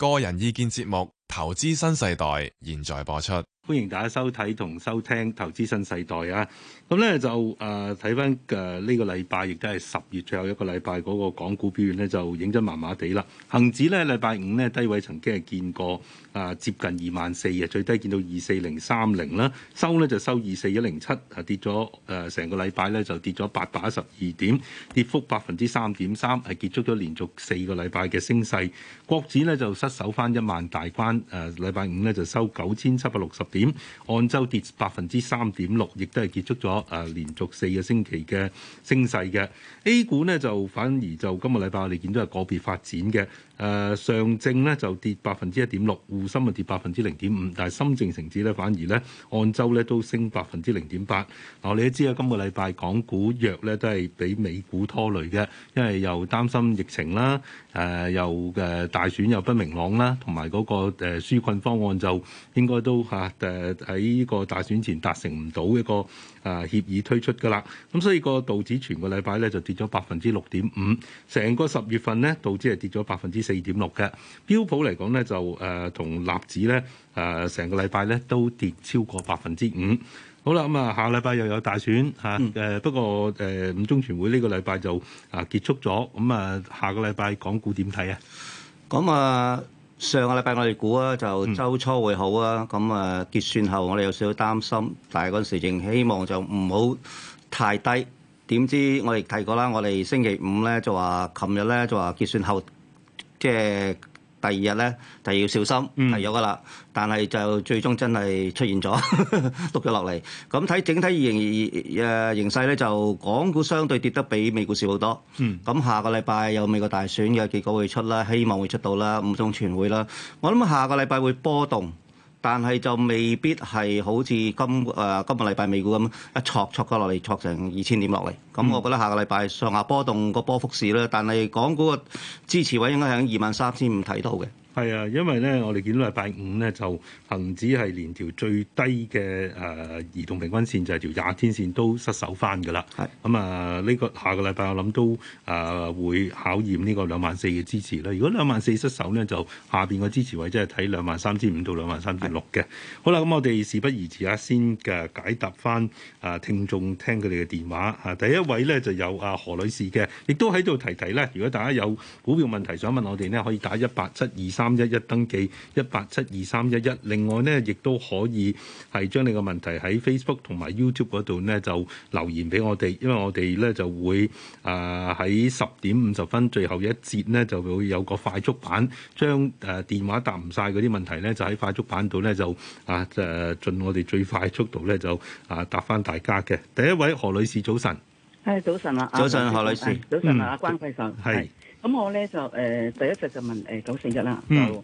個人意見節目《投資新世代》現在播出。歡迎大家收睇同收聽《投資新世代》啊！咁咧就誒睇翻誒呢個禮拜，亦都係十月最後一個禮拜嗰、那個港股表現咧，就影得麻麻地啦。恒指咧禮拜五呢低位曾經係見過啊，接近二萬四啊，最低見到二四零三零啦，收咧就收二四一零七啊，跌咗誒成個禮拜咧就跌咗八百一十二點，跌幅百分之三點三，係結束咗連續四個禮拜嘅升勢。國指咧就失守翻一萬大關，誒、呃、禮拜五咧就收九千七百六十點。點按周跌百分之三點六，亦都係結束咗誒連續四個星期嘅升勢嘅 A 股呢就反而就今個禮拜我哋見到係個別發展嘅。誒、uh, 上證咧就跌百分之一點六，滬深咪跌百分之零點五，但係深證成指咧反而咧按週咧都升百分之零點八。嗱，你都知啊，今個禮拜港股弱咧都係俾美股拖累嘅，因為又擔心疫情啦，誒、啊、又誒大選又不明朗啦，同埋嗰個誒紓困方案就應該都嚇誒喺呢個大選前達成唔到一個。啊！協議推出噶啦，咁所以個道指全個禮拜咧就跌咗百分之六點五，成個十月份咧道指係跌咗百分之四點六嘅。標普嚟講咧就誒同納指咧誒成個禮拜咧都跌超過百分之五。好啦，咁、嗯、啊下禮拜又有大選嚇誒、啊，不過誒、呃、五中全會呢個禮拜就啊結束咗，咁啊下個禮拜港股點睇啊？咁啊～上個禮拜我哋估啊，就周初會好啊，咁啊、嗯、結算後我哋有少少擔心，但係嗰陣時仍希望就唔好太低。點知我哋提過啦，我哋星期五咧就話，琴日咧就話結算後即係。就是第二日咧，就要小心，係咗噶啦。嗯、但係就最終真係出現咗，督咗落嚟。咁睇整體形誒、呃、形勢咧，就港股相對跌得比美股少好多。咁、嗯、下個禮拜有美國大選嘅結果會出啦，希望會出到啦，五中全會啦。我諗下個禮拜會波動。但係就未必係好似今誒、呃、今個禮拜美股咁一挫挫過落嚟，挫成二千點落嚟。咁我覺得下個禮拜上下波動個波幅市啦。但係港股個支持位應該喺二萬三千五睇到嘅。係啊，因為咧，我哋見到禮拜五咧，就恒指係連條最低嘅誒移動平均線，就係條廿天線都失守翻噶啦。係咁啊，呢個下個禮拜我諗都誒會考驗呢個兩萬四嘅支持啦。如果兩萬四失守咧，就下邊個支持位即係睇兩萬三千五到兩萬三千六嘅。好啦，咁我哋事不宜遲啊，先嘅解答翻啊聽眾聽佢哋嘅電話啊，第一位咧就有啊何女士嘅，亦都喺度提提啦。如果大家有股票問題想問我哋咧，可以打一八七二，三一一，登記一八七二三一一。另外呢，亦都可以係將你個問題喺 Facebook 同埋 YouTube 嗰度呢就留言俾我哋，因為我哋呢就會啊喺十點五十分最後一節呢就會有個快速版，將誒、呃、電話答唔晒嗰啲問題呢就喺快速版度呢就啊誒、呃、盡我哋最快速度呢就啊答返大家嘅。第一位何女士，早晨。係早晨啦，啊、早晨何女士。早晨啊，關費壽。嗯是咁我咧就誒第一隻就問誒九四一啦，就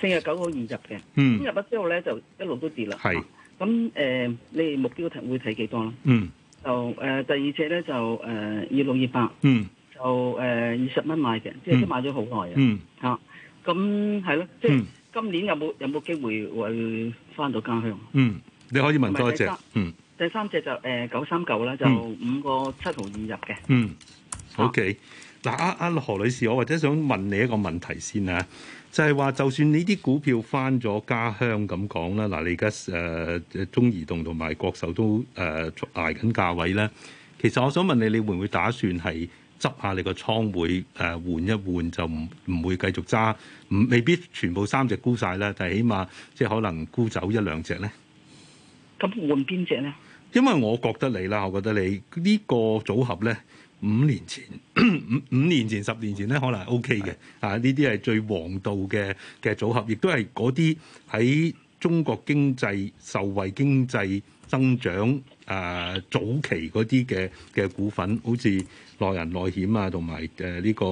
四日九毫二入嘅。咁入咗之後咧就一路都跌啦。係咁誒，你哋目標睇會睇幾多啦？嗯，就誒第二隻咧就誒二六二八。嗯，就誒二十蚊買嘅，即係都買咗好耐啊。嗯，嚇咁係咯，即係今年有冇有冇機會會返到家鄉？嗯，你可以問多一隻。嗯，第三隻就誒九三九啦，就五個七毫二入嘅。嗯，OK。嗱，阿阿、啊、何女士，我或者想問你一個問題先啊，就係話，就算你啲股票返咗家鄉咁講啦，嗱、啊，你而家誒中移動同埋國壽都誒、呃、挨緊價位咧，其實我想問你，你會唔會打算係執下你個倉，呃、換換會誒換一換，就唔唔會繼續揸，唔未必全部三隻沽晒咧，但係起碼即係可能沽走一兩隻咧。咁換邊隻咧？因為我覺得你啦，我覺得你呢、呢個組合咧。五年前，五五年前、十年前咧，可能係 O K 嘅。是的 啊，呢啲係最王道嘅嘅組合，亦都係嗰啲喺中國經濟受惠經濟增長誒、呃、早期嗰啲嘅嘅股份，好似。內銀內險啊，同埋誒呢個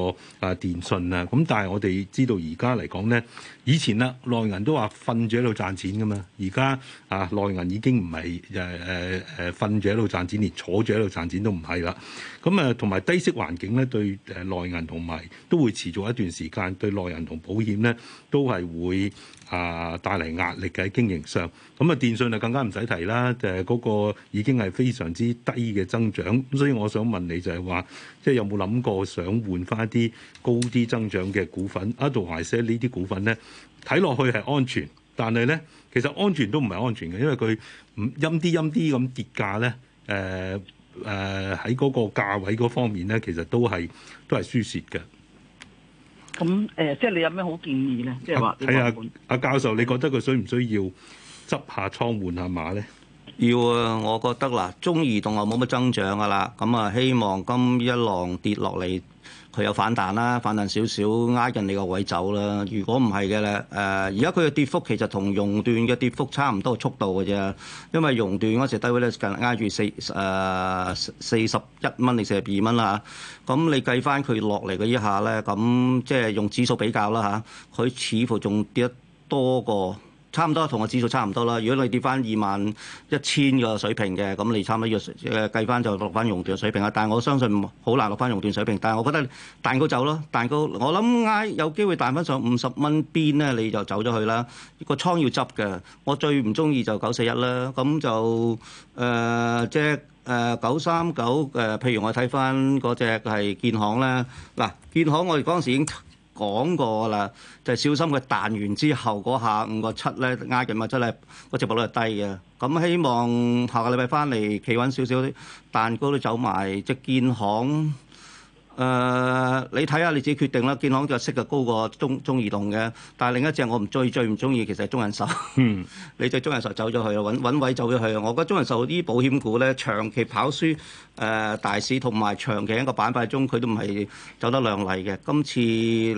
啊電信啊，咁但係我哋知道而家嚟講咧，以前啦內銀都話瞓住喺度賺錢噶嘛，而家啊內銀已經唔係誒誒誒瞓住喺度賺錢，連坐住喺度賺錢都唔係啦。咁啊，同埋低息環境咧，對誒內銀同埋都會持續一段時間，對內銀同保險咧都係會。啊！帶嚟壓力嘅喺經營上，咁啊電信就更加唔使提啦。就係、是、嗰個已經係非常之低嘅增長，咁所以我想問你就係話，即、就、係、是、有冇諗過想換翻啲高啲增長嘅股份？阿杜懷社呢啲股份咧，睇落去係安全，但係咧其實安全都唔係安全嘅，因為佢唔陰啲陰啲咁跌價咧。誒、呃、誒，喺、呃、嗰個價位嗰方面咧，其實都係都係輸蝕嘅。咁誒、呃，即係你有咩好建議咧？即係話睇下阿教授，你覺得佢需唔需要執下倉換下馬咧？要啊，我覺得啦，中移動啊冇乜增長噶啦，咁啊希望今一浪跌落嚟，佢有反彈啦，反彈少少，挨緊你個位走啦。如果唔係嘅咧，誒而家佢嘅跌幅其實同熔斷嘅跌幅差唔多速度嘅啫，因為熔斷嗰時低位咧近挨住四誒四十一蚊定四十二蚊啦，咁、啊、你計翻佢落嚟嘅一下咧，咁即係用指數比較啦嚇，佢、啊、似乎仲跌得多過。差唔多同個指數差唔多啦。如果你跌翻二萬一千個水平嘅，咁你差唔多要誒、呃、計翻就落翻熔斷水平啦。但我相信好難落翻熔斷水平。但係我覺得彈個走咯，彈個我諗嗌有機會彈翻上五十蚊邊咧，你就走咗去啦。個倉要執嘅。我最唔中意就九四一啦。咁就即係誒九三九誒，譬如我睇翻嗰隻係建行啦。嗱、啊，建行我哋當時已經。講過啦，就係、是、小心佢彈完之後嗰下五個七咧，壓緊物真咧，個直播率又低嘅。咁希望下個禮拜翻嚟企穩少少啲，彈高都走埋即建行。誒，uh, 你睇下你自己決定啦。建行嘅息就高過中中移動嘅，但係另一隻我唔中意，最唔中意，其實係中人壽。嗯， 你隻中人壽走咗去啦，揾揾位走咗去啦。我覺得中人壽啲保險股咧，長期跑輸誒、呃、大市，同埋長期一個板塊中，佢都唔係走得亮麗嘅。今次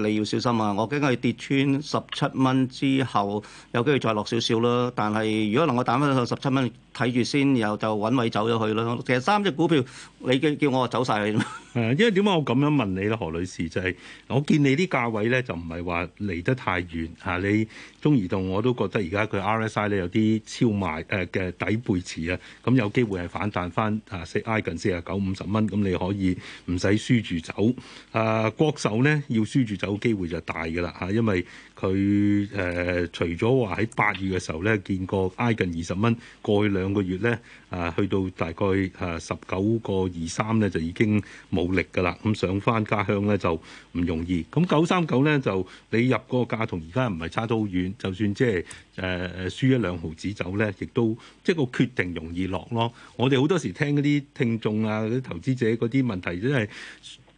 你要小心啊！我驚佢跌穿十七蚊之後，有機會再落少少啦。但係如果能夠打翻到十七蚊，睇住先，然後就揾位走咗去咯。其實三隻股票，你叫，叫我走曬去。誒，因為點解我咁樣問你咧，何女士就係、是、我見你啲價位咧，就唔係話離得太遠嚇、啊。你中移動我都覺得而家佢 RSI 咧有啲超賣誒嘅、呃、底背馳啊，咁有機會係反彈翻啊挨近四啊九五十蚊，咁你可以唔使輸住走。啊，國壽呢要輸住走機會就大㗎啦嚇，因為佢誒、呃、除咗話喺八月嘅時候咧見過挨近二十蚊過去兩。兩個月咧，啊，去到大概啊十九個二三咧，就已經冇力噶啦。咁上返家鄉咧就唔容易。咁九三九咧就你入嗰個價同而家唔係差得好遠，就算即係誒誒輸一兩毫子走咧，亦都即係個決定容易落咯。我哋好多時聽嗰啲聽眾啊，啲投資者嗰啲問題真係。就是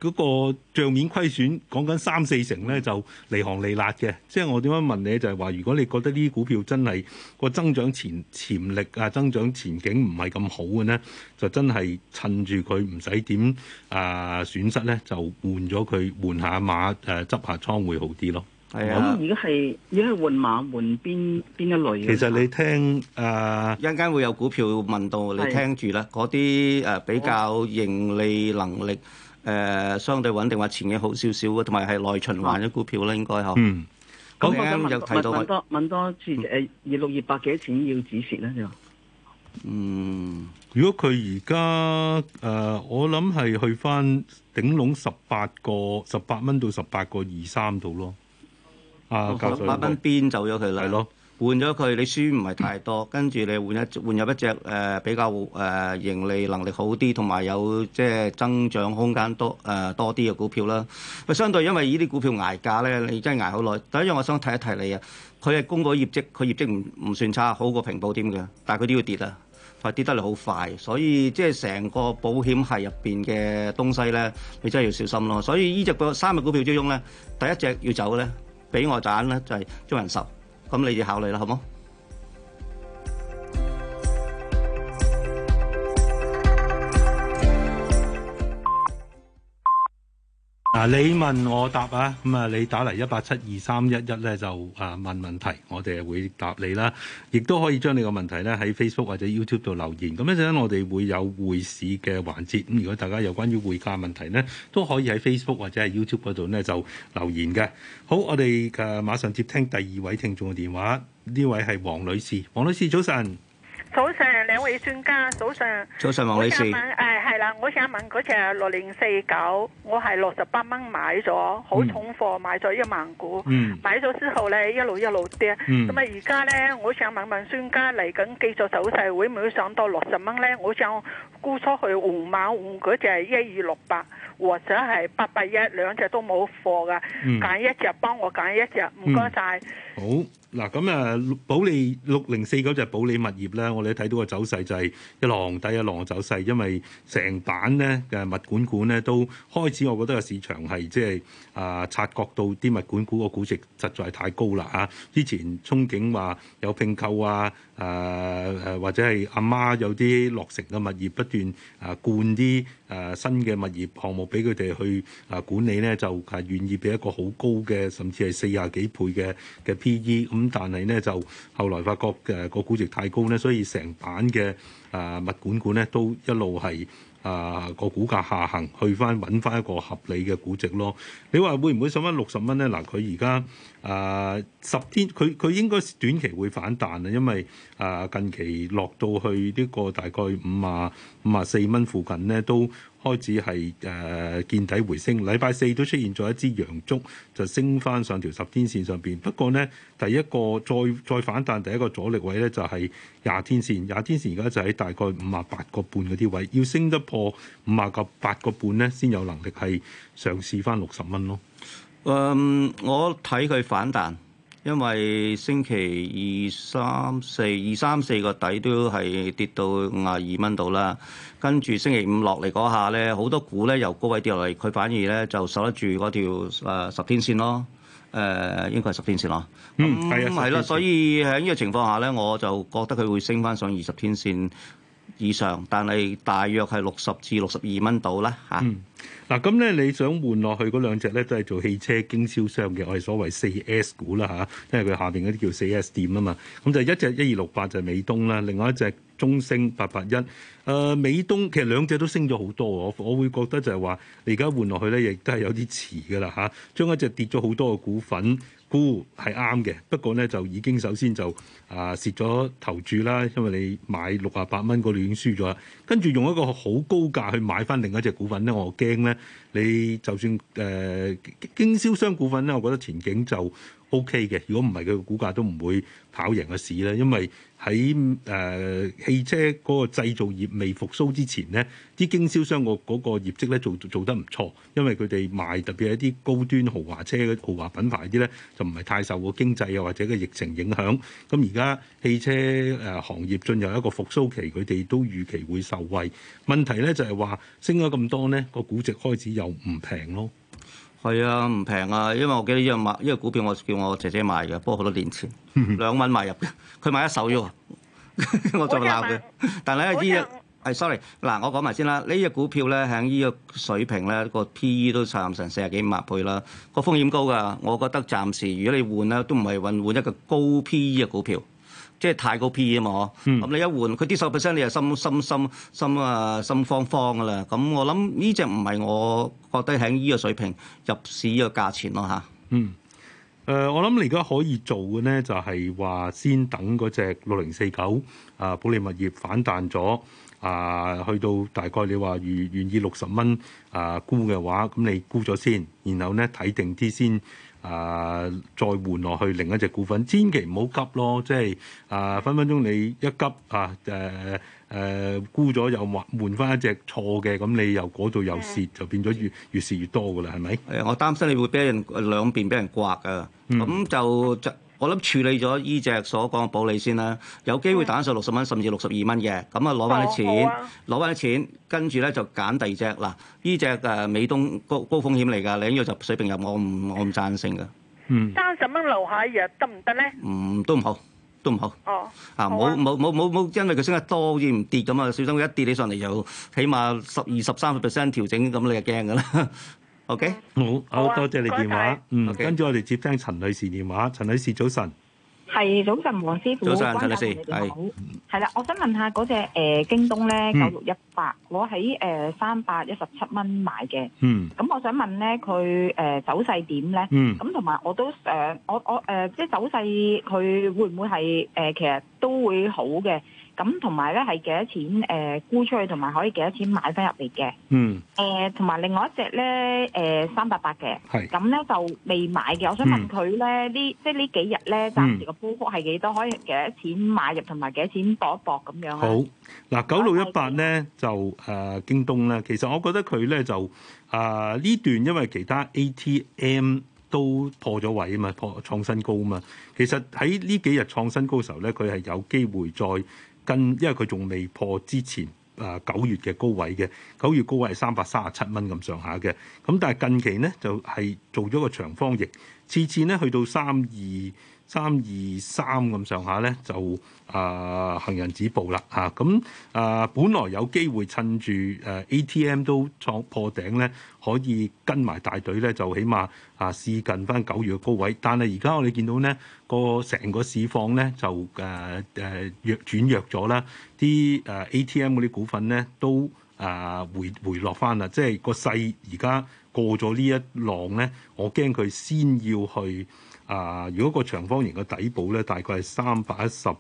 嗰個帳面虧損講緊三四成咧，就離行離辣嘅。即係我點樣問你，就係、是、話如果你覺得呢啲股票真係個增長潛潛力啊、增長前景唔係咁好嘅咧，就真係趁住佢唔使點啊損失咧，就換咗佢換下馬誒執、啊、下倉會好啲咯。係啊，咁而家係而家換馬換邊邊一類？其實你聽誒一陣間會有股票問到你聽住啦，嗰啲誒比較盈利能力。嗯誒、呃、相對穩定或前景好少少嘅，同埋係內循環嘅股票啦，應該嗬。嗯，咁我就提到問多問多次誒，二六二八幾多, 26, 28，多錢要止蝕咧？就嗯，如果佢而家誒，我諗係去翻頂籠十八個十八蚊到十八個二三度咯。啊，哦、教授、那個，十八蚊邊走咗佢嚟？換咗佢，你輸唔係太多，跟住你換一換入一隻誒、呃、比較誒、呃、盈利能力好啲，同埋有即係增長空間多誒、呃、多啲嘅股票啦。相對因為呢啲股票捱價咧，你真係捱好耐。第一樣我想提一提你啊，佢係供嗰個業績，佢業績唔唔算差，好過平保添嘅，但係佢都要跌啊，佢跌得嚟好快，所以即係成個保險係入邊嘅東西咧，你真係要小心咯。所以呢隻三隻股票之中咧，第一隻要走咧，俾我賺咧就係、是、中人壽。咁你哋考慮啦，好唔好？嗱，你問我答啊，咁啊，你打嚟一八七二三一一咧就啊問問題，我哋會答你啦，亦都可以將你個問題咧喺 Facebook 或者 YouTube 度留言，咁一陣我哋會有匯市嘅環節，咁如果大家有關於匯價問題咧，都可以喺 Facebook 或者係 YouTube 嗰度咧就留言嘅。好，我哋誒馬上接聽第二位聽眾嘅電話，呢位係黃女士，黃女士早晨。早上兩位專家，早上，早上我想問，誒、哎、係啦，我想問嗰隻六零四九，我係六十八蚊買咗，好重貨，買咗一萬股，嗯、買咗之後咧一路一路跌，咁啊、嗯、而家咧，我想問問專家嚟緊繼續走勢會唔會上到六十蚊咧？我想估出去換馬，換嗰隻一二六八。或者係八八一兩隻都冇貨嘅，揀一隻，幫我揀一隻，唔該晒。謝好嗱，咁啊，保利六零四九隻保利物業咧，我哋睇到個走勢就係一浪低一浪走勢，因為成版咧嘅物管股咧都開始，我覺得個市場係即係啊察覺到啲物管股個估值實在太高啦嚇、啊。之前憧憬話有併購啊。誒誒，或者係阿媽有啲落成嘅物業不斷誒灌啲誒新嘅物業項目俾佢哋去誒管理咧，就係願意俾一個好高嘅，甚至係四十幾倍嘅嘅 PE。咁但係咧，就後來發覺誒個估值太高咧，所以成版嘅誒物管股咧都一路係。啊，個股價下行，去翻揾翻一個合理嘅估值咯。你話會唔會上翻六十蚊咧？嗱，佢而家啊十天，佢佢應該短期會反彈啊，因為啊近期落到去呢個大概五啊五啊四蚊附近咧都。開始係誒、呃、見底回升，禮拜四都出現咗一支陽燭，就升翻上條十天線上邊。不過咧，第一個再再反彈，第一個阻力位咧就係、是、廿天線，廿天線而家就喺大概五十八個半嗰啲位，要升得破五十八個半咧，先有能力係嘗試翻六十蚊咯。嗯，我睇佢反彈。因為星期二、三四、二三四個底都係跌到五十二蚊度啦，跟住星期五落嚟嗰下咧，好多股咧由高位跌落嚟，佢反而咧就守得住嗰條十天線咯，誒、呃、應該係十天線咯。嗯，係啊、嗯，係咯的，所以喺呢個情況下咧，我就覺得佢會升翻上二十天線以上，但係大約係六十至六十二蚊度啦嚇。啊嗯嗱，咁咧你想換落去嗰兩隻咧，都係做汽車經銷商嘅，我哋所謂四 S 股啦嚇，因為佢下邊嗰啲叫四 S 店啊嘛。咁就一隻一二六八就係美東啦，另外一隻中升八八一。誒，美東其實兩隻都升咗好多，我我會覺得就係話，你而家換落去咧，亦都係有啲遲噶啦嚇。將一隻跌咗好多嘅股份估係啱嘅，不過咧就已經首先就啊蝕咗投注啦，因為你買六啊八蚊嗰度已經輸咗。跟住用一個好高價去買翻另一隻股份咧，我驚咧。你就算誒、呃、經銷商股份咧，我覺得前景就 OK 嘅。如果唔係，佢個股價都唔會跑贏個市咧。因為喺誒、呃、汽車嗰個製造業未復甦之前咧，啲經銷商個嗰個業績咧做做得唔錯，因為佢哋賣特別係一啲高端豪華車、豪華品牌啲咧，就唔係太受個經濟又或者個疫情影響。咁而家汽車誒行業進入一個復甦期，佢哋都預期會受。位問題咧就係話升咗咁多咧，個估值開始又唔平咯。係啊，唔平啊，因為我記得依日買呢個股票，我叫我姐姐買嘅，不過好多年前 兩蚊買入嘅，佢買一手喎， 我就鬧佢。但係呢只係 sorry，嗱，我講埋先啦。呢隻股票咧喺呢個水平咧，個 P E 都差唔成四十幾五啊倍啦，個風險高噶。我覺得暫時如果你換咧，都唔係揾換一個高 P E 嘅股票。即係太高 P 啊嘛，咁、嗯嗯、你一換佢跌十 percent 你就心心心心啊心慌慌噶啦。咁我諗呢隻唔係我覺得喺呢個水平入市嘅價錢咯吓，嗯，誒我諗你而家可以做嘅咧，就係話先等嗰隻六零四九啊，保利物業反彈咗啊，去到大概你話願願意六十蚊啊沽嘅話，咁你沽咗先，然後咧睇定啲先。啊、呃！再換落去另一隻股份，千祈唔好急咯。即係啊、呃，分分鐘你一急啊，誒、呃、誒、呃、沽咗又換換翻一隻錯嘅，咁你又嗰度又蝕，就變咗越越蝕越多噶啦，係咪？誒，我擔心你會俾人兩邊俾人刮㗎！咁、嗯、就。就我諗處理咗依隻所講嘅保利先啦，有機會打上六十蚊甚至六十二蚊嘅，咁啊攞翻啲錢，攞翻啲錢，跟住咧就揀第二隻嗱，呢隻誒美東高高風險嚟㗎，你、這、呢個就水平入，我唔我唔贊成㗎。嗯。三十蚊留下又得唔得咧？唔都唔好，都唔好。哦。啊！冇冇冇冇冇，因為佢升得多好似唔跌咁啊！小心佢一跌起上嚟就起碼十二十三個 percent 調整，咁你就驚㗎啦。 O K，好，好 Okay .、oh, oh, 多謝你電話。謝嗯，跟住 Okay. 我哋接聽陳女士電話。陳女士早晨，係早晨，黃師傅。早晨，陳女士，係係啦，我想問下嗰隻誒京東咧，九六一八，我喺誒三百一十七蚊買嘅。嗯，咁我想問咧，佢誒、呃、走勢點咧？嗯，咁同埋我都誒，我我誒，即、呃、係走勢，佢會唔會係誒，其實都會好嘅。咁同埋咧，係幾多錢？誒沽出去，同埋可以幾多錢買翻入嚟嘅？嗯。誒，同埋另外一隻咧，誒、呃、三百八嘅。係是。咁咧就未買嘅。我想問佢咧，呢、嗯、即係呢幾日咧暫時個波幅係幾多？可以幾多錢買入，同埋幾多錢搏一搏咁樣啊？好。嗱九六一八咧就誒、啊、京東咧，其實我覺得佢咧就誒呢、啊、段，因為其他 ATM 都破咗位啊嘛，破創新高啊嘛。其實喺呢幾日創新高嘅時候咧，佢係有機會再。近，因為佢仲未破之前誒，九月嘅高位嘅，九月高位係三百三十七蚊咁上下嘅，咁但係近期咧就係、是、做咗個長方形，次次咧去到三二。三二三咁上下咧，就啊、呃、行人止步啦嚇。咁啊，本來有機會趁住誒、呃、ATM 都創破頂咧，可以跟埋大隊咧，就起碼啊試近翻九月嘅高位。但係而家我哋見到咧，個成個市況咧就誒誒、呃、弱轉弱咗啦。啲誒、呃、ATM 嗰啲股份咧都啊、呃、回回落翻啦。即係個勢而家過咗呢一浪咧，我驚佢先要去。啊、呃！如果個長方形個底部咧，大概係三百一十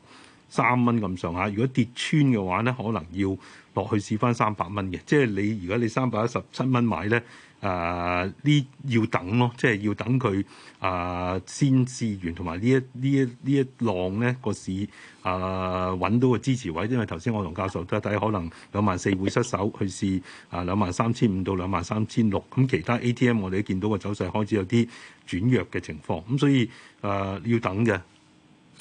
三蚊咁上下。如果跌穿嘅話咧，可能要～落去試翻三百蚊嘅，即係你如果你三百一十七蚊買咧，啊、呃、呢要等咯，即係要等佢啊、呃、先試完，同埋呢一呢一呢一浪咧個市啊揾、呃、到個支持位，因為頭先我同教授都睇可能兩萬四會失守去試啊兩萬三千五到兩萬三千六，咁其他 ATM 我哋都見到個走勢開始有啲轉弱嘅情況，咁所以啊、呃、要等嘅。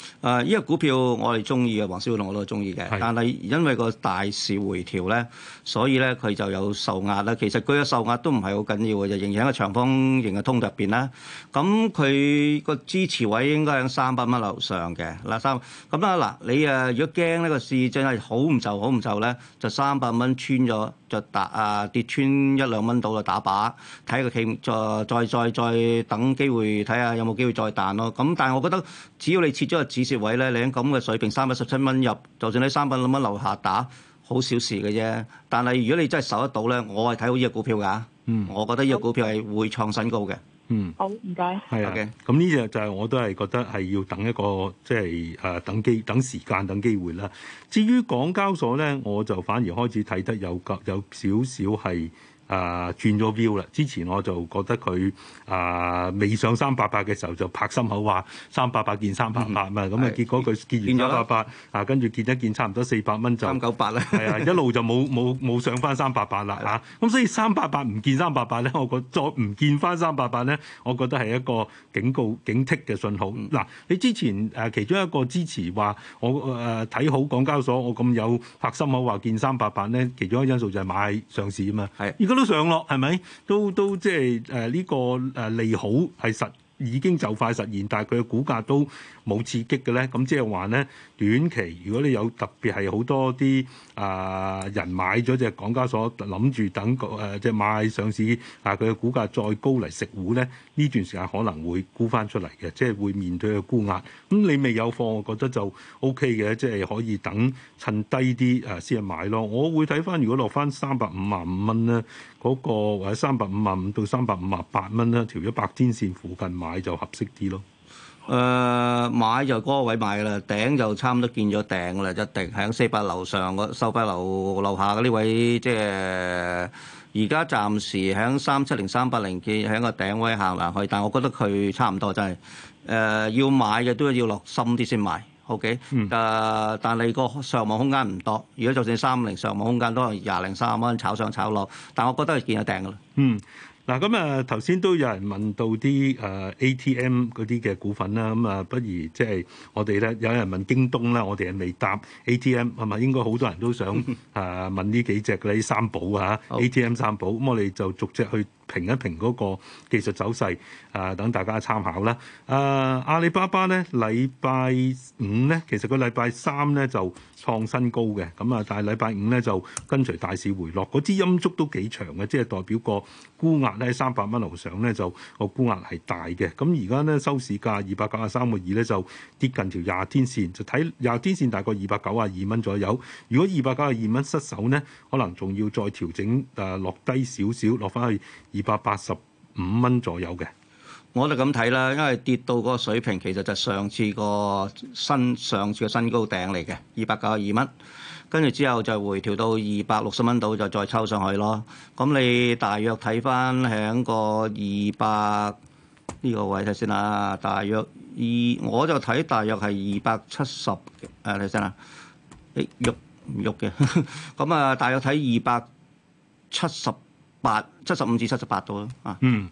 誒呢、啊這個股票我哋中意啊，黃小龍我都中意嘅，是但係因為個大市回調咧，所以咧佢就有受壓啦。其實佢嘅受壓都唔係好緊要嘅，就仍然喺個長方形嘅通道入邊啦。咁佢個支持位應該喺三百蚊樓上嘅嗱三。咁啊嗱，你誒如果驚呢個市真係好唔就，好唔就咧，就三百蚊穿咗。再打啊！跌穿一兩蚊到就打靶，睇個企，再再再再等機會，睇下有冇機會再彈咯。咁但係我覺得，只要你設咗個止蝕位咧，你喺咁嘅水平三百十七蚊入，就算你三百零蚊樓下打，好小事嘅啫。但係如果你真係守得到咧，我係睇好呢個股票噶。嗯，我覺得呢個股票係會創新高嘅。嗯，好，唔該，係嘅的。咁呢隻就係我都係覺得係要等一個，即係誒等機等時間等機會啦。至於港交所呢，我就反而開始睇得有夾有少少係。啊，轉咗標啦！之前我就覺得佢啊，未上三八八嘅時候就拍心口話三八八見三八八嘛，咁啊、嗯嗯、結果佢見完三八八啊，跟住見一件差唔多四百蚊就三九八啦，係啊一路就冇冇冇上翻三八八啦嚇！咁、啊、所以三八八唔見三八八咧，我覺再唔見翻三八八咧，我覺得係一個警告警惕嘅信號。嗱、嗯啊，你之前誒、啊、其中一個支持話我誒睇、啊、好港交所，我咁有拍心口話見三八八咧，其中一個因素就係買上市啊嘛，係而家。都上落係咪？都都即係誒呢個誒、呃、利好係實。已經就快實現，但係佢嘅股價都冇刺激嘅咧，咁即係話咧短期，如果你有特別係好多啲啊、呃、人買咗隻港交所，諗住等個誒即買上市啊，佢嘅股價再高嚟食股咧，呢段時間可能會沽翻出嚟嘅，即係會面對嘅沽壓。咁你未有貨，我覺得就 O K 嘅，即係可以等趁低啲啊先買咯。我會睇翻，如果落翻三百五萬五蚊咧。嗰、那個或者三百五萬五到三百五萬八蚊啦，條一百天線附近買就合適啲咯。誒、呃，買就嗰個位買噶啦，頂就差唔多見咗頂噶啦，一定喺四百樓上個收費樓樓下嘅呢位，即係而家暫時喺三七零、三八零見喺個頂位行埋去，但係我覺得佢差唔多，真係誒、呃、要買嘅都要落深啲先買。O.K. 誒，uh，但你個上網空間唔多。如果就算三五零上網空間都20，都係廿零三十蚊炒上炒落。但我覺得係見咗訂㗎啦。嗯。 嗱咁啊，頭先都有人問到啲誒 ATM 嗰啲嘅股份啦，咁啊，不如即係、就是、我哋咧，有人問京東啦，我哋係未答 ATM 係咪應該好多人都想啊問呢幾隻嘅呢三寶嚇好 ATM 三寶咁，我哋就逐隻去評一評嗰個技術走勢啊，等大家參考啦。誒、啊、阿里巴巴咧，禮拜五咧，其實個禮拜三咧就。創新高嘅咁啊！但係禮拜五咧就跟隨大市回落，嗰支陰燭都幾長嘅，即係代表個沽壓咧三百蚊樓上咧就個沽壓係大嘅。咁而家咧收市價二百九啊三個二咧，就跌近條廿天線，就睇廿天線大概二百九啊二蚊左右。如果二百九啊二蚊失守咧，可能仲要再調整誒落低少少，落翻去二百八十五蚊左右嘅。我就咁睇啦，因為跌到嗰個水平，其實就上次個新上次嘅新高頂嚟嘅，二百九十二蚊，跟住之後就回調到二百六十蚊度，就再抽上去咯。咁你大約睇翻喺個二百呢個位睇先啦，大約二我就睇大約係二百七十，誒，睇先啦。誒，喐唔喐嘅？咁啊，等等欸、 大約睇二百七十八、七十五至七十八度啦，啊。嗯。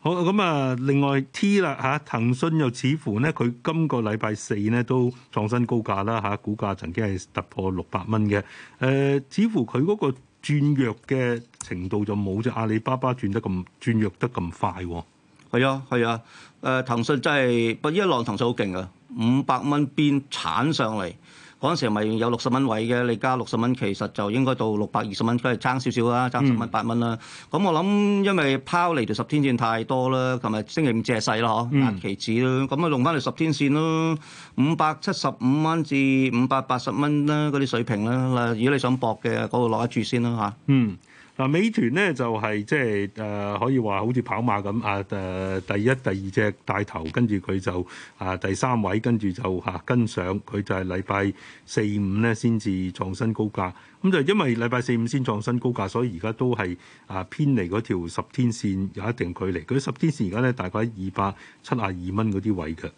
好咁啊！另外 T 啦吓，騰訊又似乎咧，佢今個禮拜四咧都創新高價啦吓，股價曾經係突破六百蚊嘅。誒、呃，似乎佢嗰個轉弱嘅程度就冇咗阿里巴巴轉得咁轉弱得咁快。係啊，係啊。誒，騰訊真係不一浪騰訊好勁啊！五百蚊邊鏟上嚟？嗰陣時咪有六十蚊位嘅，你加六十蚊，其實就應該到六百二十蚊，都係爭少少啦，爭十蚊八蚊啦。咁、嗯、我諗，因為拋離條十天線太多啦，琴日星期五借勢啦，嗬，壓期指咯，咁啊，用翻條十天線咯，五百七十五蚊至五百八十蚊啦，嗰啲水平啦。嗱，如果你想搏嘅，嗰度落一注先啦嚇。嗯。嗱，美團咧就係即係誒，可以話好似跑馬咁啊！誒、呃，第一、第二隻帶頭，跟住佢就啊、呃、第三位，跟住就嚇、啊、跟上，佢就係禮拜四五咧先至創新高價。咁就因為禮拜四五先創新高價，所以而家都係啊偏離嗰條十天線有一定距離。佢十天線而家咧大概二百七十二蚊嗰啲位嘅。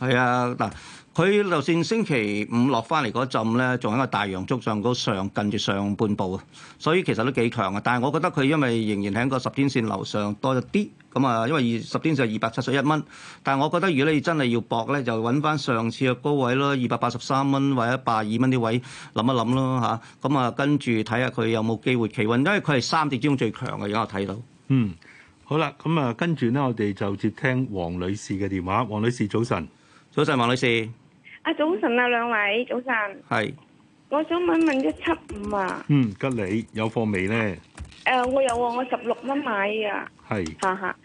係啊，嗱，佢就算星期五落翻嚟嗰陣咧，仲喺個大陽燭上嗰上近住上半部啊，所以其實都幾強啊。但係我覺得佢因為仍然喺個十天線樓上多咗啲，咁啊，因為二十天線二百七十一蚊。但係我覺得如果你真係要搏咧，就揾翻上次嘅高位咯，二百八十三蚊或者百二蚊啲位諗一諗咯吓咁啊，跟住睇下佢有冇機會企穩，因為佢係三跌之中最強嘅，而家我睇到。嗯，好啦，咁啊，跟住咧，我哋就接聽王女士嘅電話。王女士，早晨。早晨，黃女士。阿早晨啊，兩位早晨。係。我想問一問一七五啊。嗯，吉利有貨未咧？誒，我有喎，我十六蚊買啊。係。吓吓。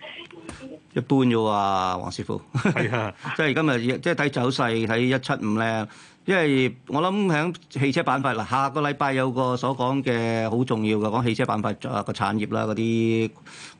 一般咋話，黃師傅。係啊，即係今日，即係睇走勢，睇一七五咧。因為我諗喺汽車板塊嗱，下個禮拜有個所講嘅好重要嘅，講汽車板塊啊個產業啦，嗰啲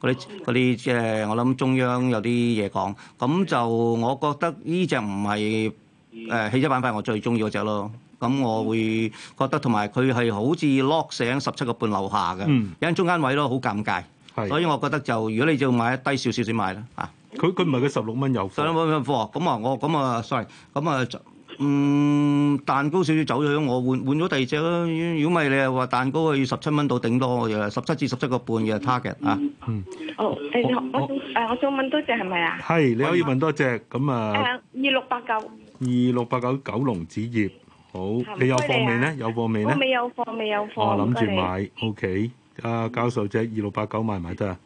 嗰啲嗰啲即係我諗中央有啲嘢講。咁就我覺得呢隻唔係誒汽車板塊，我最中意嗰隻咯。咁我會覺得同埋佢係好似 lock 醒十七個半樓下嘅，有喺、嗯、中間位咯，好尷尬。是所以我覺得就如果你要買低少少先買啦，啊！佢佢唔係佢十六蚊有。十六蚊有貨咁啊！我咁啊，sorry，咁啊嗯，蛋糕少少走咗，我換換咗第二隻咯。如果唔係你係話蛋糕要，要十七蚊到頂多我嘅，十七至十七個半嘅 target 啊。嗯。嗯哦，誒、哦，我仲誒，我想還、哦、問多隻係咪啊？係嗎，你可以問多隻咁啊。二六八九。二六八九，九龍紙業。好，你有貨未呢？有貨未呢？未有貨，未有貨。我諗住、哦、買謝謝，OK、啊。阿教授，隻二六八九買唔買得啊？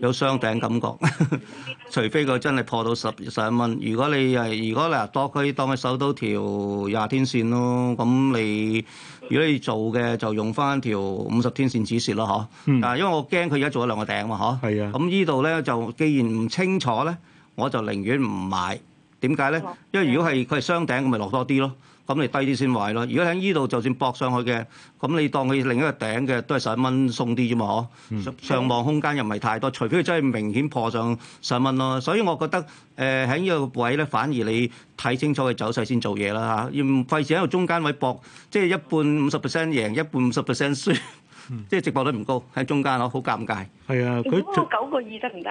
有雙頂感覺， 除非佢真係破到十十一蚊。如果你係如果你話多，可以當佢守到條廿天線咯。咁你如果你做嘅就用翻條五十天線指示咯，嗬。但係因為我驚佢而家做咗兩個頂嘛，嗬。係啊是的。咁依度咧就既然唔清楚咧，我就寧願唔買。點解咧？因為如果係佢係雙頂，咁咪落多啲咯。咁你低啲先買咯。如果喺呢度就算搏上去嘅，咁你當佢另一個頂嘅都係十一蚊鬆啲啫嘛，嗯、上上望空間又唔係太多，除非真係明顯破上十蚊咯。所以我覺得誒喺呢個位咧，反而你睇清楚佢走勢先做嘢啦嚇，唔費事喺度中間位搏，即、就、係、是、一半五十 percent 贏，一半五十 percent 輸，即係、嗯、 值博率唔高喺中間嗬，好尷尬。係啊，佢九個二得唔得？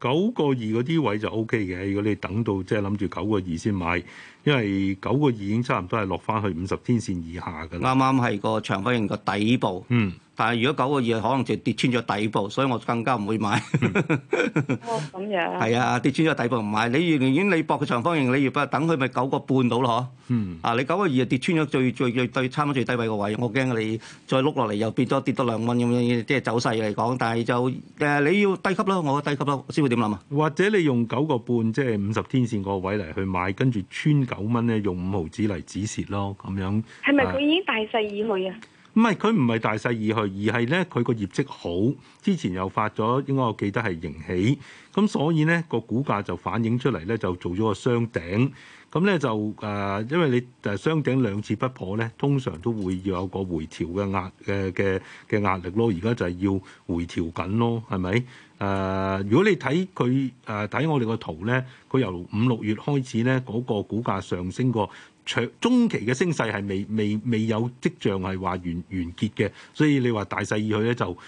九個二嗰啲位就 OK 嘅，如果你等到即係諗住九個二先買，因為九個二已經差唔多係落翻去五十天線以下㗎啦。啱啱係個長方形個底部。嗯。但係如果九個二可能就跌穿咗底部，所以我更加唔會買。咁樣。係啊，跌穿咗底部唔買。你願唔願意博個長方形？你越不等佢咪九個半到咯？嗬。 啊！你九個二就跌穿咗最最最最差嗰最低位個位，我驚你再碌落嚟又變咗跌多兩蚊咁樣，即係走勢嚟講。但係就誒、呃、你要低級啦，我低級啦，師傅點諗啊？或者你用九個半即係五十天線個位嚟去買，跟住穿九蚊咧，用五毫紙嚟止蝕咯，咁樣。係咪佢已經大勢已去啊？ 唔係佢唔係大勢而去，而係咧佢個業績好，之前又發咗，應該我記得係盈喜，咁所以咧個股價就反映出嚟咧就做咗個雙頂，咁咧就誒、呃，因為你誒雙頂兩次不破咧，通常都會要有個回調嘅壓嘅嘅嘅壓力咯，而家就係要回調緊咯，係咪？誒、呃，如果你睇佢誒睇我哋個圖咧，佢由五六月開始咧嗰、那個股價上升過。長中期嘅升勢係未未未有跡象係話完完結嘅，所以你話大勢已去咧就誒睇、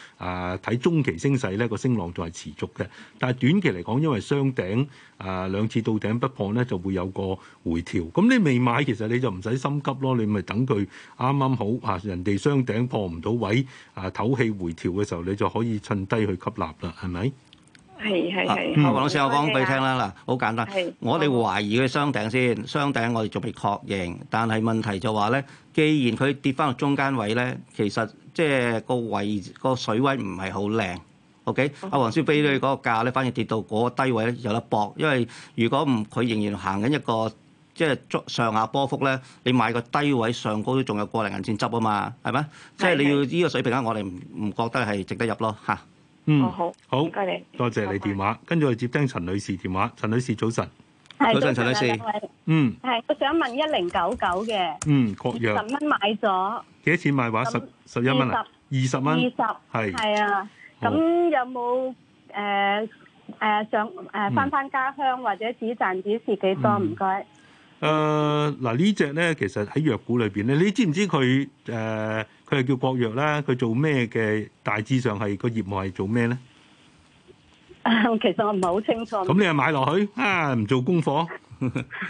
呃、中期升勢咧、個升浪仲係持續嘅。但係短期嚟講，因為雙頂誒、呃、兩次到頂不破咧，就會有個回調。咁你未買其實你就唔使心急咯，你咪等佢啱啱好啊，人哋雙頂破唔到位啊、呃、唞氣回調嘅時候，你就可以趁低去吸納啦，係咪？係係係，阿、 啊、黃老師我，我講俾你聽啦，嗱，好簡單，啊、我哋懷疑佢雙頂先，雙頂我哋仲未確認，但係問題就話、是、咧，既然佢跌翻到中間位咧，其實即係個位、個水位唔係好靚，OK？阿、啊啊、黃少俾你嗰個價咧，反而跌到嗰個低位有得搏，因為如果唔佢仍然行緊一個即係、就是、上下波幅咧，你買個低位上高都仲有過嚟銀錢執啊嘛，係咪？即、就、係、是、你要呢個水平咧，我哋唔唔覺得係值得入咯，嚇。嗯，mm. oh, 好，好，唔該你，多謝你電話，跟住我接聽陳女士電話。陳女士早晨，早晨，陳女士，嗯，係，我想問一零九九嘅，嗯，國藥，十蚊買咗，幾多錢買話十十一蚊啊？二十蚊，二十，係、呃，係啊，咁有冇誒誒上誒翻，呃呃呃、翻家鄉或者止賺止蝕幾多？唔該。誒、嗯，嗱、呃呃、呢隻咧，其實喺藥股裏邊咧，你知唔知佢誒？呃呃呃佢係叫國藥啦，佢做咩嘅？大致上係個業務係做咩咧？啊，其實我唔係好清楚。咁你係買落去啊？唔做功課？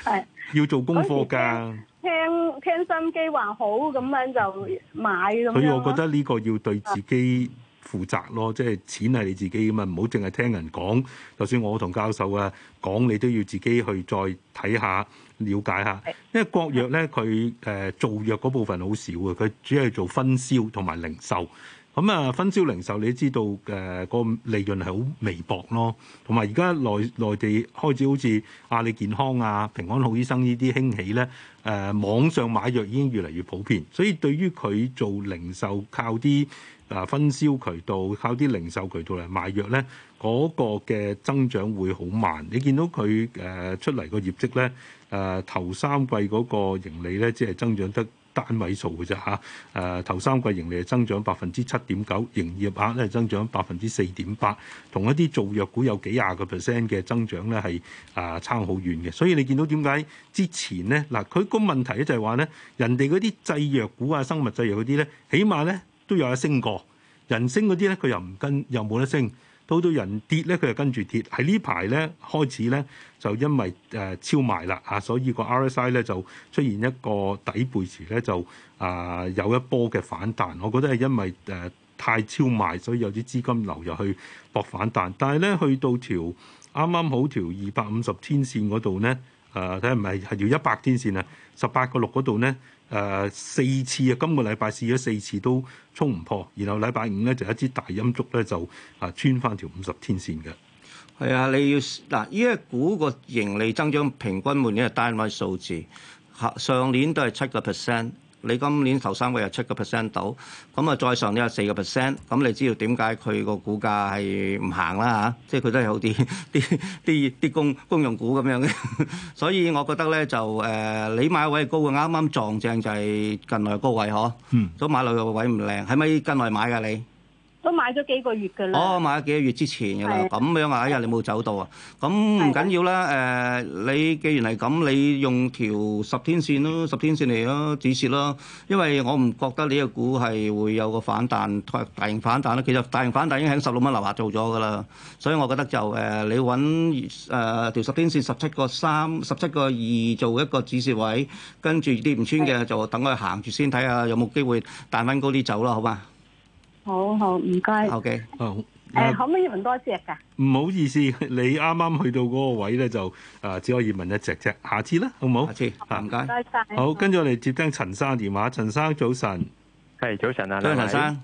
係。要做功課㗎。聽聽心機話好咁樣就買咁樣咯。所以我覺得呢個要對自己負責咯，即係錢係你自己嘅嘛，唔好淨係聽人講。就算我同教授啊講，你都要自己去再睇下、了解下。因為國藥咧，佢誒做藥嗰部分好少嘅，佢主要係做分銷同埋零售。咁、嗯、啊，分銷零售，你知道誒、呃那個利潤係好微薄咯。同埋而家內內地開始好似阿里健康啊、平安好醫生呢啲興起咧，誒、呃、網上買藥已經越嚟越普遍，所以對於佢做零售靠啲。啊！分銷渠道靠啲零售渠道嚟賣藥咧，嗰、那個嘅增長會好慢。你見到佢誒出嚟個業績咧，誒、呃、頭三季嗰個盈利咧，即係增長得單位數嘅啫嚇。誒、啊、頭三季盈利係增長百分之七點九，營業額咧係增長百分之四點八，同一啲做藥股有幾廿個 percent 嘅增長咧，係啊、呃、差好遠嘅。所以你見到點解之前咧嗱，佢個問題咧就係話咧，人哋嗰啲製藥股啊、生物製藥嗰啲咧，起碼咧。都有得升過，人升嗰啲咧佢又唔跟，又冇得升。到到人跌咧，佢又跟住跌。喺呢排咧開始咧就因為誒、呃、超賣啦，啊，所以個 RSI 咧就出現一個底背馳咧就啊、呃、有一波嘅反彈。我覺得係因為誒、呃、太超賣，所以有啲資金流入去搏反彈。但係咧去到條啱啱好條二百五十天線嗰度咧，誒睇下唔係，係條一百天線啊，十八個六嗰度咧。誒、呃、四次啊！今個禮拜試咗四次都衝唔破，然後禮拜五咧就一支大陰燭咧就啊穿翻條五十天線嘅。係啊，你要嗱依一股個盈利增長平均每年嘅單位數字，上上年都係七個 percent。你今年頭三個月七個 percent 到，咁啊再上你有四個 percent，咁你知道點解佢個股價係唔行啦嚇、啊？即係佢都係好啲啲啲啲公公用股咁樣， 所以我覺得咧就誒、呃、你買位高嘅啱啱撞正就係近來高位呵，嗯，咁買落又位唔靚，係咪可以近來買㗎你？都買咗幾個月㗎啦！哦，買咗幾個月之前㗎啦，咁樣啊！今日你冇走到啊？咁唔緊要啦。誒，你既然係咁，你用條十天線咯，十天線嚟咯，止蝕咯。因為我唔覺得呢個股係會有個反彈，大型反彈啦。其實大型反彈已經喺十六蚊樓下做咗㗎啦。所以我覺得就誒，你揾誒條十天線十七個三、十七個二做一個止蝕位，跟住跌唔穿嘅就等佢行住先，睇下有冇機會彈翻高啲走啦，好嘛？好，好，唔該。O K，好。誒，可唔可以問多隻噶？唔好意思，你啱啱去到嗰個位咧，就誒只可以問一隻啫。下次啦，好唔好？下次，唔該。唔該曬。好，跟住我哋接聽陳生電話。陳生早晨，係早晨啊，陳生，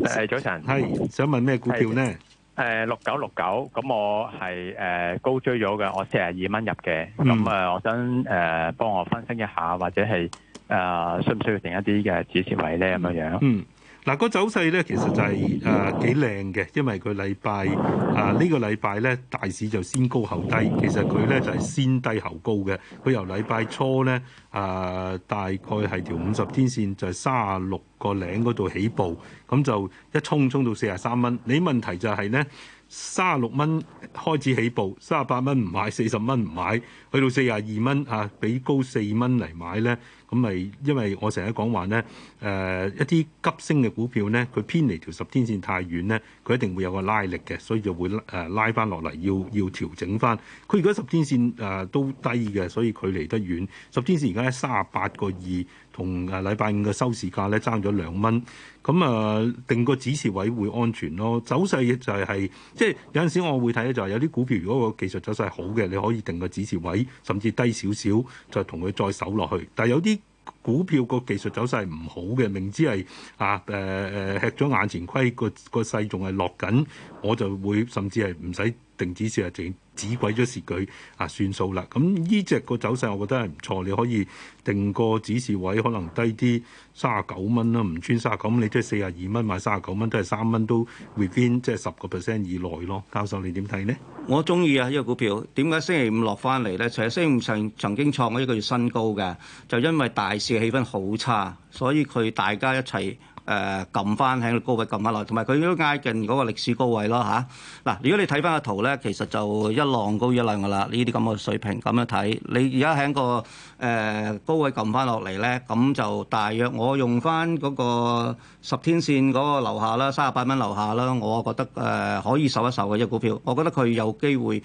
係早晨，係想問咩股票咧？誒六九六九，咁我係誒高追咗嘅，我四十二蚊入嘅。咁啊，我想誒幫我分析一下，或者係誒需唔需要定一啲嘅止蝕位咧？咁樣樣。嗯。嗱、啊那個走勢咧，其實就係誒幾靚嘅，因為佢禮拜啊呢、呃這個禮拜咧，大市就先高後低。其實佢咧就係、是、先低後高嘅。佢由禮拜初咧誒、呃、大概係條五十天線就係三十六個零嗰度起步，咁就一衝衝到四十三蚊。你問題就係咧，三十六蚊開始起步，三十八蚊唔買，四十蚊唔買，去到四十二蚊啊畀高四蚊嚟買咧，咁咪因為我成日講話咧。誒、呃、一啲急升嘅股票咧，佢偏離條十天線太遠咧，佢一定會有個拉力嘅，所以就會誒拉翻落嚟，要要調整翻。佢如果十天線誒、呃、都低嘅，所以佢離得遠。十天線而家三十八個二，同誒禮拜五嘅收市價咧爭咗兩蚊。咁啊、呃，定個止蝕位會安全咯。走勢就係、是就是、即係有陣時我會睇咧，就係有啲股票如果個技術走勢好嘅，你可以定個止蝕位，甚至低少少，就再同佢再守落去。但係有啲股票個技術走勢係唔好嘅，明知係啊，誒誒、呃、吃咗眼前虧，個個勢仲係落緊，我就會甚至係唔使。定指示啊，定指鬼咗蝕佢啊，算數啦。咁呢隻個走勢，我覺得係唔錯，你可以定個指示位，可能低啲三啊九蚊啦，唔穿三啊九，咁你即係四啊二蚊買三啊九蚊，都係三蚊都會邊，即係十個 percent 以內咯。教授你點睇呢？我中意啊呢個股票，點解星期五落翻嚟咧？其實星期五曾曾經創咗一個月新高嘅，就因為大市嘅氣氛好差，所以佢大家一齊。誒撳翻喺個高位撳翻落，同埋佢都挨近嗰個歷史高位咯嚇。嗱、啊，如果你睇翻個圖咧，其實就一浪高一浪噶啦。呢啲咁嘅水平咁樣睇，你而家喺個誒、呃、高位撳翻落嚟咧，咁就大約我用翻嗰個十天線嗰個樓下啦，三十八蚊樓下啦，我覺得誒、呃、可以收一收嘅隻股票。我覺得佢有機會，即、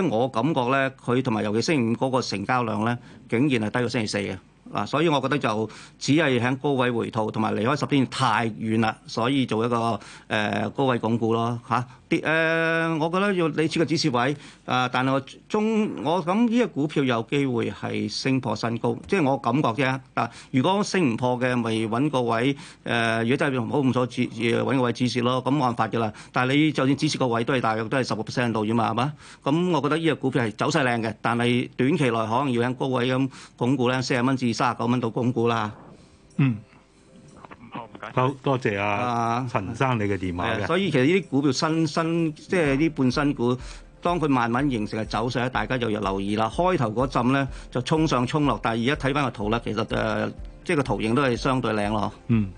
就、係、是、我感覺咧，佢同埋尤其星期五嗰個成交量咧，竟然係低過星期四嘅。嗱，所以我覺得就只係喺高位回吐，同埋離開十天線太遠啦，所以做一個誒、呃、高位鞏固咯，嚇、啊。誒，我覺得要你設個指示位，誒，但係我中，我諗呢個股票有機會係升破新高，即係我感覺啫。嗱，如果升唔破嘅，咪揾個位，誒，如果真係唔好咁坐住，揾個位指示咯，咁冇辦法噶啦。但係你就算指示個位，都係大約都係十個 percent 度遠嘛，係嘛？咁我覺得呢個股票係走勢靚嘅，但係短期內可能要喺高位咁鞏固咧，四啊蚊至三啊九蚊度鞏固啦。嗯。好多，多謝啊，啊陳生你嘅電話。所以其實呢啲股票新新，即係呢半新股，當佢慢慢形成嘅走勢咧，大家就要留意啦。開頭嗰陣咧就衝上衝落，但係而家睇翻個圖咧，其實誒、呃，即係個圖形都係相對靚咯。嗯。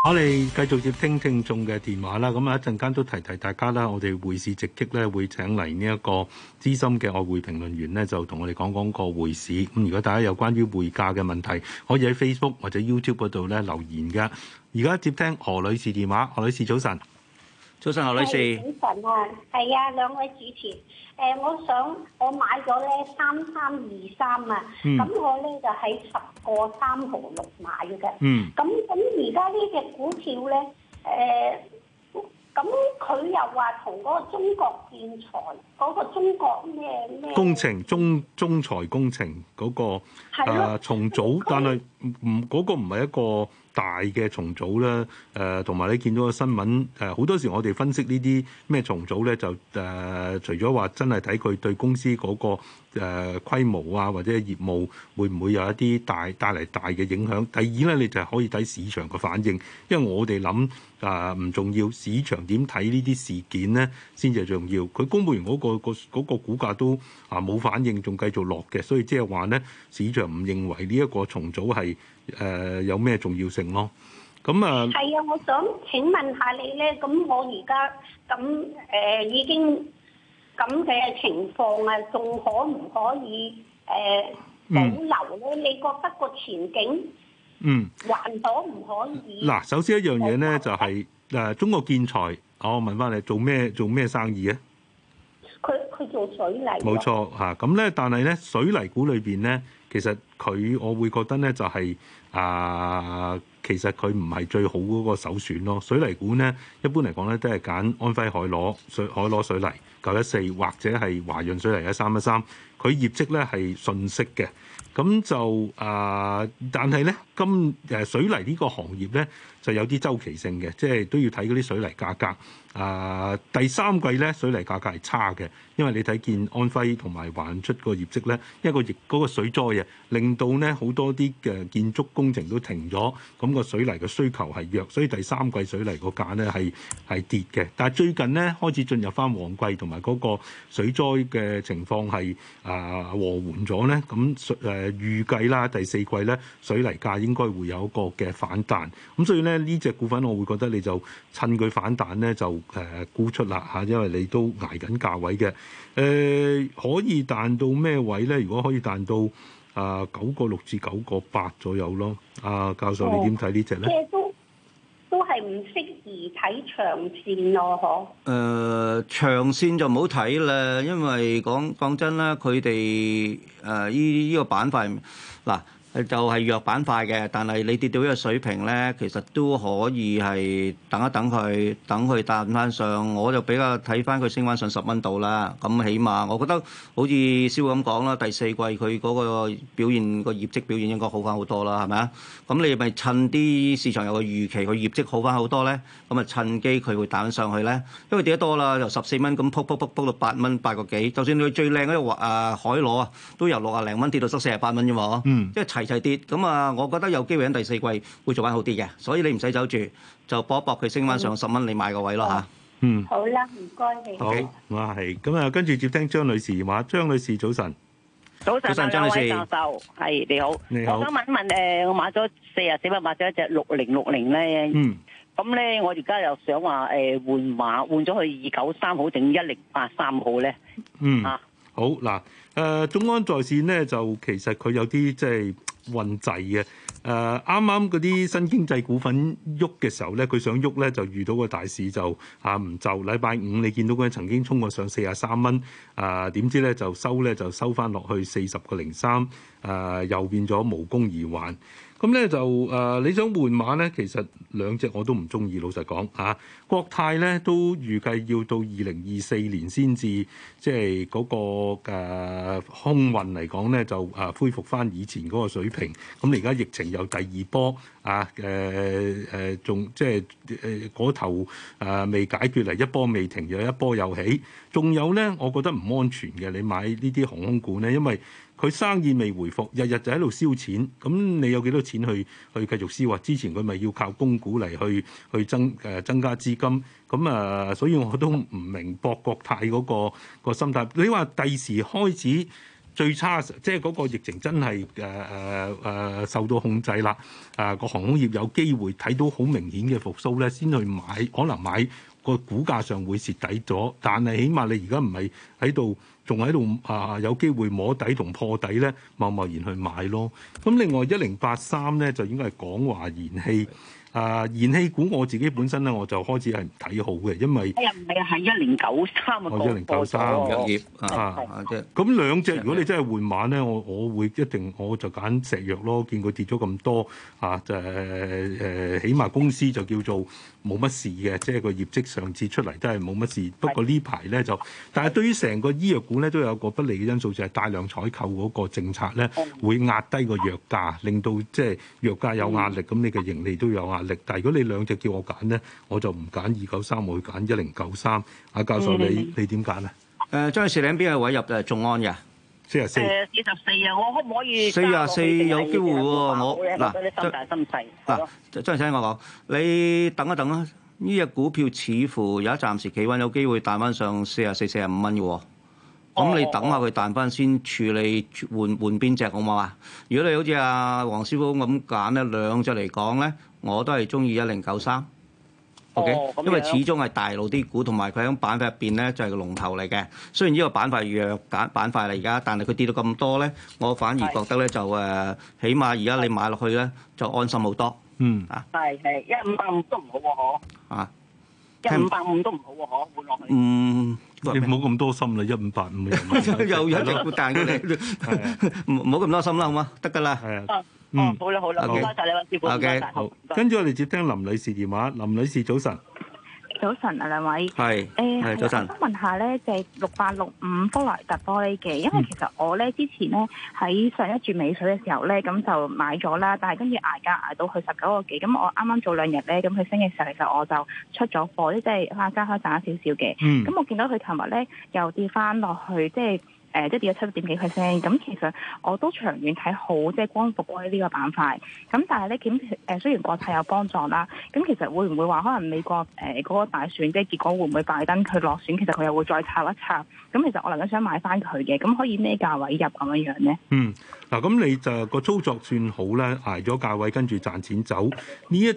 嗯、我哋繼續接聽聽眾嘅電話啦，咁啊一陣間都提提大家啦，我哋匯市直擊咧會請嚟呢一個資深嘅外匯評論員咧，就同我哋講講個匯市。咁如果大家有關於匯價嘅問題，可以喺 Facebook 或者 YouTube 嗰度咧留言㗎。而家接聽何女士電話，何女士早晨。早晨，侯女士。早晨啊，係啊，兩位主持。誒、呃，我想我買咗咧三三二三啊，咁我咧就係、是、十個三毫六買嘅、嗯。嗯。咁咁而家呢隻股票咧，誒、呃，咁佢又話同嗰個中國建材嗰、那個中國咩咩？工程中中材工程嗰、那個啊，啊，重組，程但係唔唔，嗰、嗯那個唔係一個。大嘅重組啦，誒同埋你見到個新聞，誒、呃、好多時我哋分析呢啲咩重組咧，就誒、呃、除咗話真係睇佢對公司嗰、那個規、呃、模啊，或者業務會唔會有一啲大帶嚟大嘅影響，第二咧，你就係可以睇市場嘅反應，因為我哋諗。啊，唔重要，市場點睇呢啲事件咧，先至重要。佢公務員嗰個個嗰個股價都啊冇反應，仲繼續落嘅，所以即係話咧，市場唔認為呢一個重組係誒有咩重要性咯。咁啊，係啊，我想請問下你咧，咁我而家咁誒已經咁嘅情況啊，仲可唔可以誒保留咧？你覺得個前景？嗯，還可唔可以？嗱，首先一樣嘢咧，就係誒中國建材。我問翻你，做咩做咩生意啊？佢佢做水泥。冇錯嚇，咁、嗯、咧，但係咧、就是啊，水泥股裏邊咧，其實佢我會覺得咧，就係啊，其實佢唔係最好嗰個首選咯。水泥股咧，一般嚟講咧，都係揀安徽海螺、水海螺水泥、九一四或者係華潤水泥一三一三。佢業績咧係遜色嘅。咁就啊、呃，但係咧，今誒水泥呢個行業咧。就有啲周期性嘅，即係都要睇嗰啲水泥價格。啊、呃，第三季咧水泥價格係差嘅，因為你睇見安徽同埋雲出個業績咧，一個疫嗰個水災啊，令到咧好多啲嘅建築工程都停咗，咁、嗰個水泥嘅需求係弱，所以第三季水泥個價咧係係跌嘅。但係最近咧開始進入翻旺季，同埋嗰個水災嘅情況係啊和緩咗咧，咁誒預計啦第四季咧水泥價應該會有一個嘅反彈，咁所以咧。呢隻股份我會覺得你就趁佢反彈咧就誒沽、呃、出啦吓，因為你都挨緊價位嘅，誒、呃，可以彈到咩位咧？如果可以彈到啊、呃、九個六至九個八左右咯。啊，教授你點睇呢隻咧？都都係唔適宜睇長線咯，嗬？誒，長線就唔好睇啦，因為講講真啦，佢哋誒呢呢個板塊嗱。就係弱板塊嘅，但係你跌到呢個水平咧，其實都可以係等一等佢，等佢彈翻上。我就比較睇翻佢升翻上十蚊度啦。咁起碼我覺得好似肖咁講啦，第四季佢嗰個表現個業績表現應該好翻好多啦，係咪啊？咁你咪趁啲市場有個預期，佢業績好翻好多咧，咁啊趁機佢會彈翻上去咧。因為跌得多啦，由十四蚊咁卜卜卜卜到八蚊八個幾，就算你最靚嗰隻誒海螺啊，都由六啊零蚊跌到得四啊八蚊啫嘛。嗯。即係齊。細啲，咁啊，我覺得有機會喺第四季會做翻好啲嘅，所以你唔使走住，就搏一搏佢升翻上十蚊，你買個位咯嚇。嗯，好啦，唔該你。好，我係咁啊，跟住接聽張女士話。張女士早晨，早晨，張女士教授，係你好，你好。我想問一問，誒，我買咗四廿四百買咗一隻六零六零咧，嗯，咁咧我而家又想話誒換碼，換咗去二九三號定一零八三號咧？嗯，啊，好嗱，誒，眾安在線咧就其實佢有啲即係。運滯嘅，誒啱啱嗰啲新經濟股份喐嘅時候咧，佢想喐咧就遇到個大市就嚇唔就。禮拜五你見到佢曾經衝過上四十三蚊，啊、呃、點知咧就收咧就收翻落去四十個零三，啊又變咗無功而還。咁咧就誒、呃，你想換馬咧？其實兩隻我都唔中意，老實講嚇、啊。國泰咧都預計要到二零二四年先至，即係嗰個、呃、空運嚟講咧，就誒恢復翻以前嗰個水平。咁而家疫情有第二波。啊！誒、呃、誒，仲、呃、即係誒嗰頭未解決嚟，一波未停又一波又起，仲有咧，我覺得唔安全嘅。你買呢啲航空股咧，因為佢生意未回復，日日就喺度燒錢。咁你有幾多錢去去繼續燒？或之前佢咪要靠供股嚟去去增誒、呃、增加資金？咁啊、呃，所以我都唔明博國泰嗰、嗰個、嗰個嗰個心態。你話第時開始？最差即係嗰個疫情真係誒誒誒受到控制啦！啊、呃，個航空業有機會睇到好明顯嘅復甦咧，先去買，可能買個股價上會蝕底咗，但係起碼你而家唔係喺度，仲喺度啊，有機會摸底同破底咧，貿貿然去買咯。咁另外一零八三咧，就應該係港華燃氣。啊！燃氣股我自己本身咧，我就開始係唔睇好嘅，因為又唔係係一零九三啊，一零九三藥業啊！咁兩隻、嗯、如果你真係換馬咧，我我會一定我就揀石藥咯，見佢跌咗咁多啊，就誒、是、誒、呃、起碼公司就叫做。冇乜事嘅，即係個業績上次出嚟都係冇乜事。是不過呢排咧就，但係對於成個醫藥股咧都有個不利嘅因素，就係、是、大量採購嗰個政策咧會壓低個藥價，令到即係藥價有壓力，咁、嗯、你嘅盈利都有壓力。但係如果你兩隻叫我揀咧，我就唔揀二九三，我會揀一零九三。阿教授你 你點揀啊？誒、 呃，張士領邊個位入誒眾安㗎？四十四，四十四啊！44，我可唔可以？四十四有機會喎，我嗱，你心大心細嗱，張先生聽我講，你等一等啦。呢隻股票似乎有一暫時企穩，有機會彈翻上四十四、四十五蚊嘅喎。咁你等下佢彈翻先處理換換邊隻好冇啊？如果你好似阿黃師傅咁揀咧，兩隻嚟講咧，我都係中意一零九三。因為始終係大陸啲股，同埋佢喺板塊入邊咧就係個龍頭嚟嘅。雖然呢個板塊弱揀板塊啦而家，但係佢跌到咁多咧，我反而覺得咧就誒，起碼而家你買落去咧就安心好多。嗯，係係一五百五都唔好喎，嗬啊一五百五都唔好喎，嗬會落去。嗯，你唔好咁多心啦，一五百五又又又彈咗你，唔好咁多心啦，好嗎？得㗎啦。嗯、mm. 哦，好啦好啦、okay.，多謝你問市報，好。好跟住我哋接聽林女士電話，林女士早晨，早晨啊兩位，係，係、欸、早晨。想問下咧，即係六八六五福萊特玻璃嘅，因為其實我咧之前咧喺上一住尾水嘅時候咧，咁就買咗啦。但係跟住挨價挨到去十九個幾，咁我啱啱做兩日咧，咁佢升嘅時候，其實我就出咗貨，即係翻家開賺少少嘅。咁、嗯、我見到佢琴日咧又跌翻落去，即係。誒即係跌咗七點幾 percent，咁其實我都長遠睇好即係光伏呢個板塊。咁但係咧，檢誒雖然國泰有幫助啦，咁其實會唔會話可能美國誒嗰個大選即係結果會唔會拜登佢落選，其實佢又會再插一插。咁其實我嚟緊想買翻佢嘅，咁可以咩價位入咁樣樣咧？嗯，嗱，咁你就個操作算好咧，捱咗價位跟住賺錢走。一陣呢一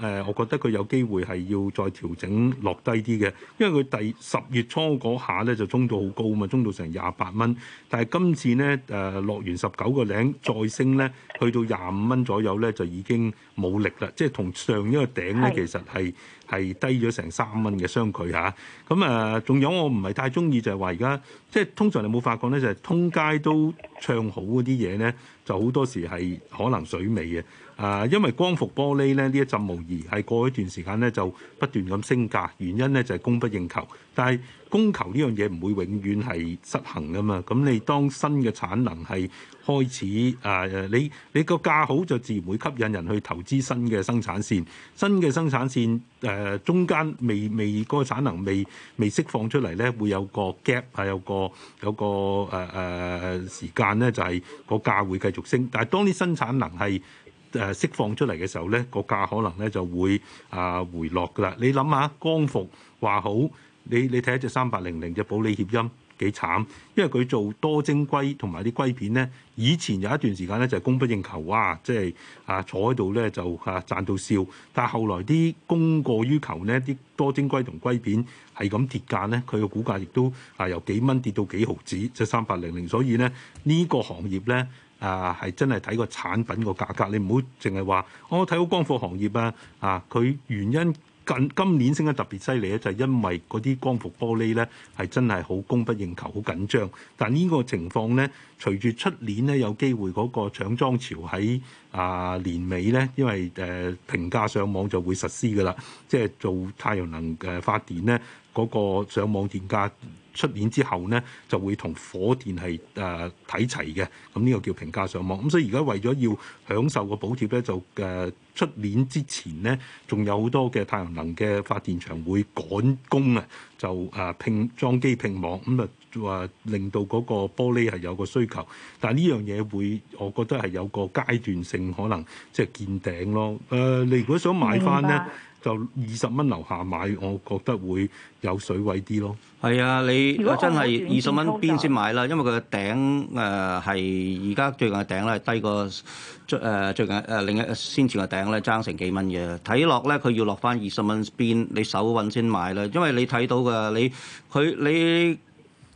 陣咧，誒，我覺得佢有機會係要再調整落低啲嘅，因為佢第十月初嗰下咧就衝到好高嘛，衝到成廿八。八蚊，但係今次咧，誒落完十九個頂再升咧，去到廿五蚊左右咧，就已經冇力啦。即係同上一個頂咧，其實係係低咗成三蚊嘅相距嚇。咁啊，仲有我唔係太中意就係話而家，即係通常你冇發覺咧，就係、是、通街都唱好嗰啲嘢咧，就好多時係可能水尾嘅。啊，因為光伏玻璃咧，呢一陣無疑係過一段時間咧，就不斷咁升價。原因咧就係、是、供不應求，但係供求呢樣嘢唔會永遠係失衡噶嘛。咁你當新嘅產能係開始啊誒，你你個價好就自然會吸引人去投資新嘅生產線。新嘅生產線誒、啊，中間未未嗰、那個產能未未釋放出嚟咧，會有個 gap 啊，有個嗰個誒誒時間咧，就係、是、個價會繼續升。但係當啲生產能係誒釋放出嚟嘅時候咧，個價可能咧就會啊回落㗎啦。你諗下，光伏話好，你你睇一隻三八零零嘅保利協鑫幾慘，因為佢做多晶硅同埋啲硅片咧，以前有一段時間咧就係供不應求啊，即係啊坐喺度咧就啊賺到笑，但係後來啲供過於求呢啲多晶硅同硅片係咁跌價咧，佢個股價亦都啊由幾蚊跌到幾毫子，即係三八零零，所以咧呢個行業咧。啊，係真係睇個產品個價格，你唔好淨係話我睇好光伏行業啊。啊，佢原因近今年升得特別犀利咧，就係因為嗰啲光伏玻璃咧係真係好供不應求，好緊張。但呢個情況咧，隨住出年咧有機會嗰個搶裝潮喺啊年尾咧，因為誒平價上網就會實施噶啦，即係做太陽能嘅發電咧。嗰個上網電價出年之後呢，就會同火電係誒睇齊嘅，咁呢個叫平價上網。咁所以而家為咗要享受個補貼呢，就誒出、呃、年之前呢，仲有好多嘅太陽能嘅發電場會趕工啊，就誒拼、呃、裝機拼網，咁啊話令到嗰個玻璃係有個需求。但係呢樣嘢會，我覺得係有個階段性，可能即係見頂咯。誒、呃，你如果想買返呢？就二十蚊樓下買，我覺得會有水位啲咯。係啊，你真係二十蚊邊先買啦？因為佢嘅頂誒係而家最近嘅頂咧係低過最、呃、最近誒另一先前嘅頂咧爭成幾蚊嘅。睇落咧，佢要落返二十蚊邊，你手揾先買啦。因為你睇到㗎，你佢你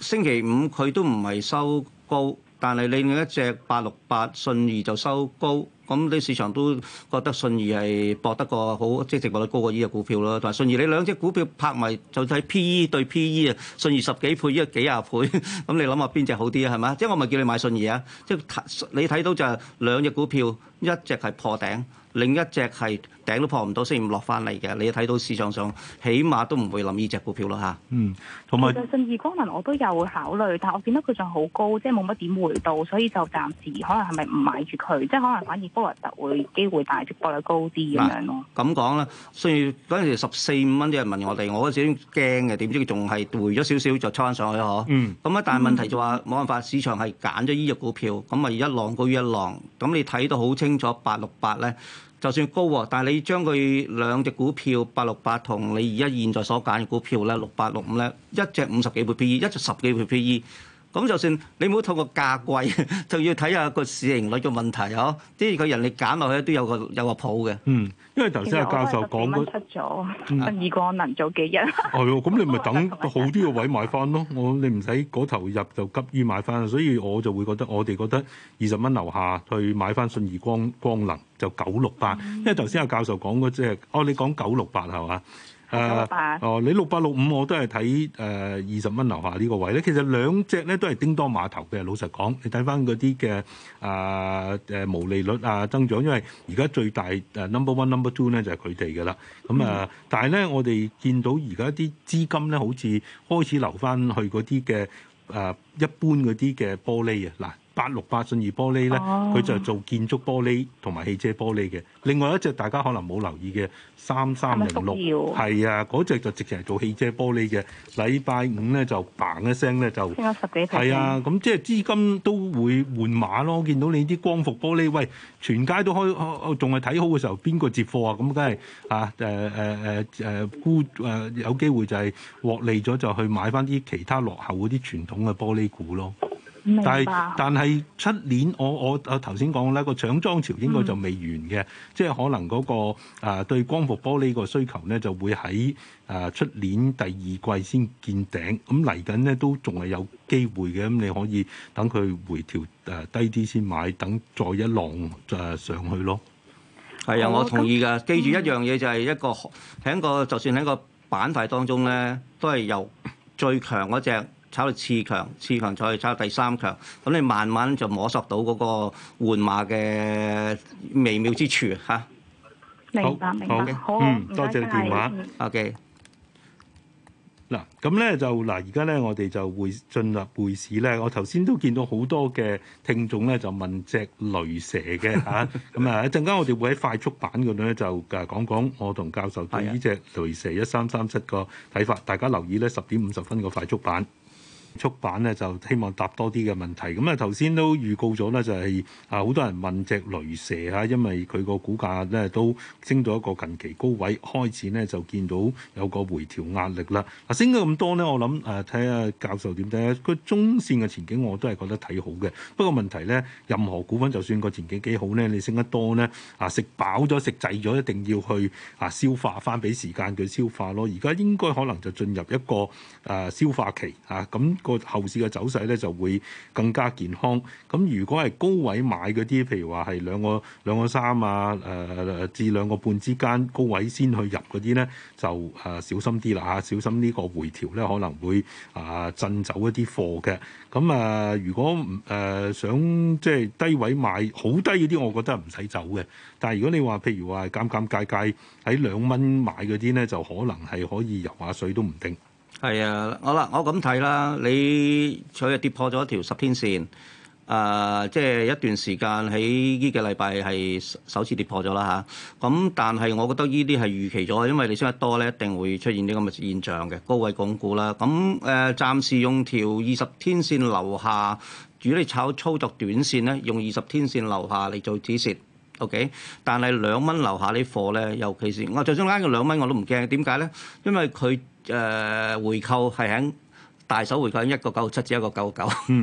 星期五佢都唔係收高。但係你另一隻八六八信義就收高，咁你市場都覺得信義係博得個好，即係值博率高過呢隻股票咯。同埋信義你兩隻股票拍埋就睇 P E 對 P E 啊，信義十幾倍，依個幾廿倍，咁 你諗下邊隻好啲啊？係咪？即係我咪叫你買信義啊？即係你睇到就係兩隻股票，一隻係破頂，另一隻係。頂都破唔到，雖然落翻嚟嘅，你睇到市場上，起碼都唔會諗呢隻股票咯嚇。嗯，同埋就信義光能，e bon、我都有考慮，但我見到佢仲好高，即係冇乜點回到，所以就暫時可能係咪唔買住佢？即係可能反而波幅特會機會大，跌波率高啲咁樣咯。咁講啦，所以嗰陣時十四五蚊有人問我哋，我嗰時驚嘅，點知仲係回咗少少就抽翻上去嗬，嗯。咁啊，但係問題就話冇辦法，市場係揀咗依隻股票，咁啊一浪高於一浪，咁你睇到好清楚，八六八咧。就算高喎，但係你將佢兩隻股票八六八同你而家現在所揀嘅股票咧六八六五咧，6, 6, 5, 一隻五十幾倍 P E，一隻十幾倍 P E，咁就算你唔好透過價貴， 就要睇下個市盈率嘅問題嗬。即係、哦、佢、就是、人力揀落去都有個有個譜嘅。嗯。因為頭先阿教授講嗰信義光能早幾日，係 咁文你咪等好啲嘅位買翻咯。我你唔使嗰頭入就急於買翻，所以我就會覺得我哋覺得二十蚊樓下去買翻信義光光能就九六八。 因為頭先阿教授講嗰隻，哦你講九六八係嘛？九八哦，你六八六五我都係睇誒二十蚊樓下呢個位咧。其實兩隻咧都係叮當碼頭嘅。老實講，你睇翻嗰啲嘅啊誒毛利率啊增長，因為而家最大誒 number one number。租就係佢哋嘅啦，咁啊，但係呢，我哋見到而家啲資金呢，好似開始留返去嗰啲嘅誒一般嗰啲嘅玻璃啊，嗱。 八六八信義玻璃咧，佢、oh. 就係做建築玻璃同埋汽車玻璃嘅。另外一隻大家可能冇留意嘅三三零六，係啊，嗰隻就直情係做汽車玻璃嘅。禮拜五咧就嘭一聲咧就，十幾，係啊，咁即係資金都會換馬咯。見到你啲光伏玻璃，喂，全街都開，仲係睇好嘅時候，邊個接貨啊？咁梗係啊誒誒誒誒沽誒有機會就係獲利咗就去買翻啲其他落後嗰啲傳統嘅玻璃股咯。但係但係出年我我，啊頭先講咧個搶裝潮應該就未完嘅，嗯、即係可能嗰、那個啊、呃、對光伏玻璃個需求咧就會喺啊出年第二季先見頂。咁嚟緊咧都仲係有機會嘅，咁你可以等佢回調誒低啲先買，等再一浪就上去咯。係啊，我同意㗎。記住一樣嘢就係一個喺個，嗯、就算喺個板塊當中咧，都係由最強嗰隻。炒到次強，次強再炒第三強，咁你慢慢就摸索到嗰個換馬嘅微妙之處嚇、啊。明白，明白、嗯，好，多謝你電話。好嘅，嗱咁咧就嗱，而家咧我哋就會進入會市咧。我頭先都見到好多嘅聽眾咧就問隻雷蛇嘅嚇咁啊。一陣間、 嗯、我哋會喺快速版嗰度咧就誒講講我同教授對呢隻雷蛇一三三七個睇法。 大家留意咧十點五十分個快速版。出版咧就希望答多啲嘅問題。咁啊頭先都預告咗咧、就是，就係啊好多人問隻雷蛇嚇，因為佢個股價咧都升到一個近期高位，開始咧就見到有個回調壓力啦。啊升咗咁多咧，我諗誒睇下教授點睇啊？佢中線嘅前景我都係覺得睇好嘅。不過問題咧，任何股份就算個前景幾好咧，你升得多咧，啊食飽咗食滯咗，一定要去啊消化翻，俾時間佢消化咯。而家應該可能就進入一個啊消化期啊咁。那個個後市嘅走勢咧就會更加健康。咁如果係高位買嗰啲，譬如話係兩個兩個三啊，誒、呃、至兩個半之間高位先去入嗰啲咧，就誒小心啲啦嚇，小心呢個回調咧可能會啊震、呃、走一啲貨嘅。咁啊、呃，如果唔誒、呃、想即係、就是、低位買好低嗰啲，我覺得唔使走嘅。但係如果你話譬如話係尷尷尬尬喺兩蚊買嗰啲咧，就可能係可以游下水都唔定。係啊，好啦，我咁睇啦，你尋日跌破咗一條十天線，啊、呃，即係一段時間喺呢個禮拜係首次跌破咗啦嚇。咁、啊、但係我覺得呢啲係預期咗，因為你升得多咧，一定會出現啲咁嘅現象嘅高位鞏固啦。咁、啊、誒，暫時用條二十天線留下，如果你炒操作短線咧，用二十天線留下嚟做止蝕。O.K.，但係兩蚊樓下啲貨咧，尤其是我最想啱嘅兩蚊我都唔驚，點解咧？因為佢誒、呃、回購係喺。大手回購一個九毫七，至一個九毫九。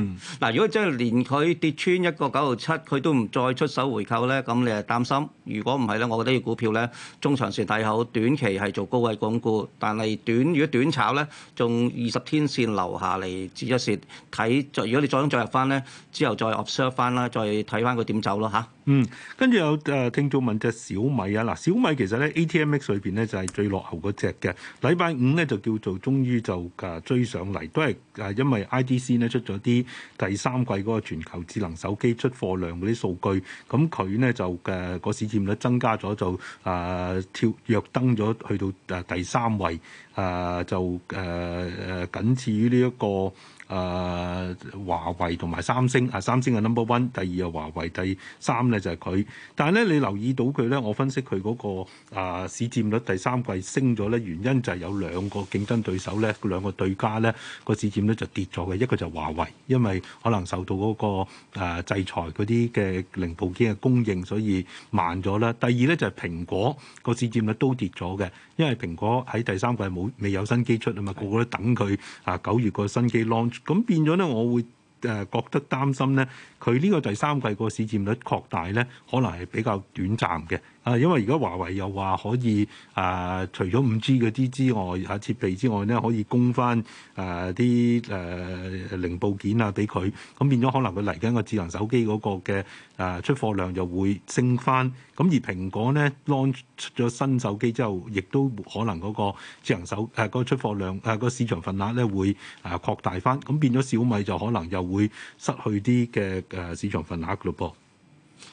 嗱，如果真係連佢跌穿一個九毫七，佢都唔再出手回購咧，咁你就擔心。如果唔係咧，我覺得要股票咧，中長線睇好，短期係做高位鞏固。但係短，如果短炒咧，仲二十天線留下嚟止一截睇。再如果你再想再入翻咧，之後再 observe 翻啦，再睇翻佢點走咯嚇。嗯，跟住有誒聽眾問隻小米啊。嗱小米其實咧 ATMX 裏面咧就係最落後嗰隻嘅。禮拜五咧就叫做終於就誒追上嚟。都係誒，因為 IDC 咧出咗啲第三季嗰個全球智能手機出貨量嗰啲數據，咁佢咧就誒個、呃、市佔率增加咗，就誒、呃、跳躍登咗去到誒第三位，誒、呃、就誒誒僅次於呢一個。誒、呃、華為同埋三星，啊三星嘅 number one，第二啊華為，第三咧就係佢。但係咧你留意到佢咧，我分析佢嗰、那個誒、呃、市佔率第三季升咗咧，原因就係有兩個競爭對手咧，兩個對家咧、那個市佔率就跌咗嘅。一個就係華為，因為可能受到嗰、那個誒、呃、制裁嗰啲嘅零部件嘅供應，所以慢咗啦。第二咧就係、是、蘋果、那個市佔率都跌咗嘅，因為蘋果喺第三季冇未有新機出啊嘛，個個都等佢啊九月個新機 launch。咁變咗咧，我會誒覺得擔心咧，佢呢個第三季個市佔率擴大咧，可能係比較短暫嘅。啊，因為而家華為又話可以啊、呃，除咗五 G 嗰啲之外，嚇設備之外咧，可以供翻誒啲誒零部件啊，俾佢，咁變咗可能佢嚟緊個智能手機嗰個嘅啊出貨量就會升翻。咁而蘋果咧，launch 咗新手機之後，亦都可能嗰個智能手誒個、呃、出貨量誒個、呃、市場份額咧會啊擴大翻。咁變咗小米就可能又會失去啲嘅誒市場份額咯噃。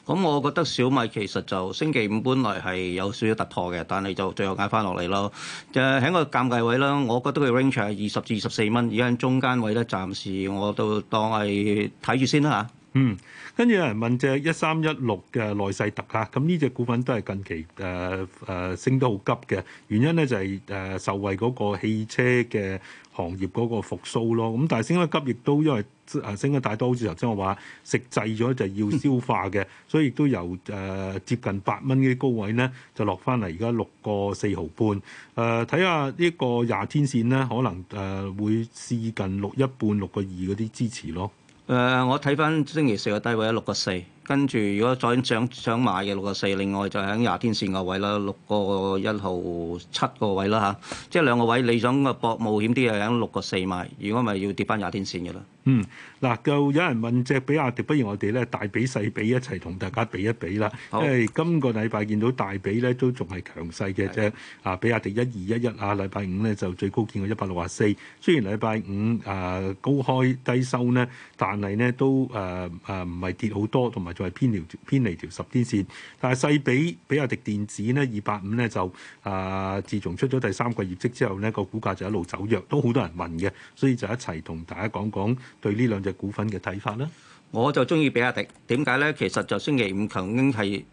咁、嗯、我覺得小米其實就星期五本來係有少少突破嘅，但係就最後捱翻落嚟咯。誒，就係喺個尷尬位啦，我覺得佢 range 係二十至二十四蚊，而家喺中間位咧，暫時我都當係睇住先啦嚇。嗯，跟住有人問隻一三一六嘅耐世特嚇，咁呢隻股份都係近期誒誒、呃呃、升得好急嘅原因咧，就係、是、誒、呃、受惠嗰個汽車嘅行業嗰個復甦咯。咁但係升得急，亦都因為誒升得太多，好似頭先我話食滯咗，就要消化嘅，所以亦都由誒、呃、接近八蚊嘅高位咧，就落翻嚟而家六個四毫半。誒睇下呢個廿天線咧，可能誒、呃、會試近六一半、六個二嗰啲支持咯。誒、呃，我睇翻星期四個低位係六個四，跟住如果再想想買嘅六個四，另外就喺廿天線位個位啦，六個一號七個位啦嚇，即係兩個位你想個博冒險啲嘅喺六個四買，如果咪要跌翻廿天線嘅啦。嗯，嗱，就有人問隻比亞迪，不如我哋咧大比細比一齊同大家比一比啦。好因為今個禮拜見到大比咧都仲係強勢嘅啫，啊的，比亞迪一二一一啊，禮拜五咧就最高見過一百六十四。雖然禮拜五啊、呃、高開低收呢，但係呢都誒誒唔係跌好多，同埋仲係偏條偏離條十天線。但係細比比亞迪電子呢二百五呢，就啊、呃，自從出咗第三個業績之後呢，個股價就一路走弱，都好多人問嘅，所以就一齊同大家講講。對呢兩隻股份嘅睇法咧，我就中意比亞迪。點解咧？其實就星期五曾經係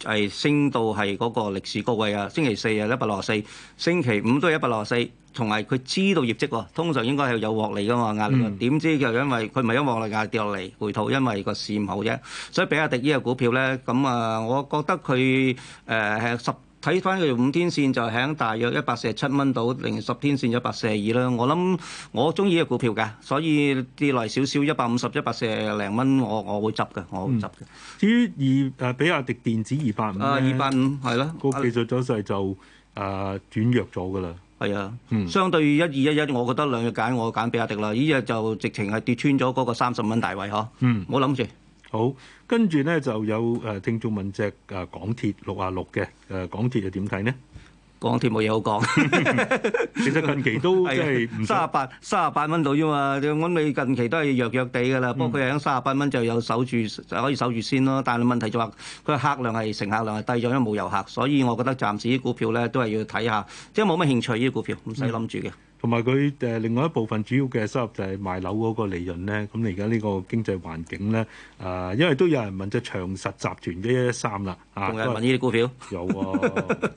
係升到係嗰個歷史高位啊！星期四呀一百六十四，星期五都係一百六十四。同埋佢知道業績喎，通常應該係有獲利㗎嘛，壓力。點、嗯、知就因為佢唔係因為獲利嘅壓力，跌落嚟回吐，因為個市唔好啫。所以比亞迪呢個股票咧，咁啊，我覺得佢誒係十。睇翻佢五天線就喺大約一百四十七蚊到零十天線一百四十二啦。我諗我中意嘅股票㗎，所以跌嚟少少一百五十一百四十零蚊，150，我我會執嘅，我會執嘅、嗯。至於二誒、啊、比亞迪電子二百五啊，二百五係咯。個、啊、技術走勢就誒轉弱咗㗎啦。係啊，的嗯、相對一二一一，我覺得兩日揀我揀比亞迪啦。依日就直情係跌穿咗嗰個三十蚊大位嗬，呵、啊，冇諗住。好，跟住咧就有誒聽眾問隻誒港鐵六啊六嘅誒港鐵又點睇呢？港鐵冇嘢好講， 其實近期都即係三啊八三啊八蚊到啫嘛，咁你近期都係弱弱地㗎喇。不過佢係喺三啊八蚊就有守住，就可以守住先咯。但係問題就話佢客量係乘客量係低咗，因為冇遊客，所以我覺得暫時啲股票咧都係要睇下，即係冇乜興趣呢啲股票，唔使諗住嘅。同埋佢誒另外一部分主要嘅收入就係賣樓嗰個利潤咧。咁你而家呢個經濟環境咧，啊，因為都有人問隻長實集團嘅一一三啦，啊，都有問呢啲股票有喎，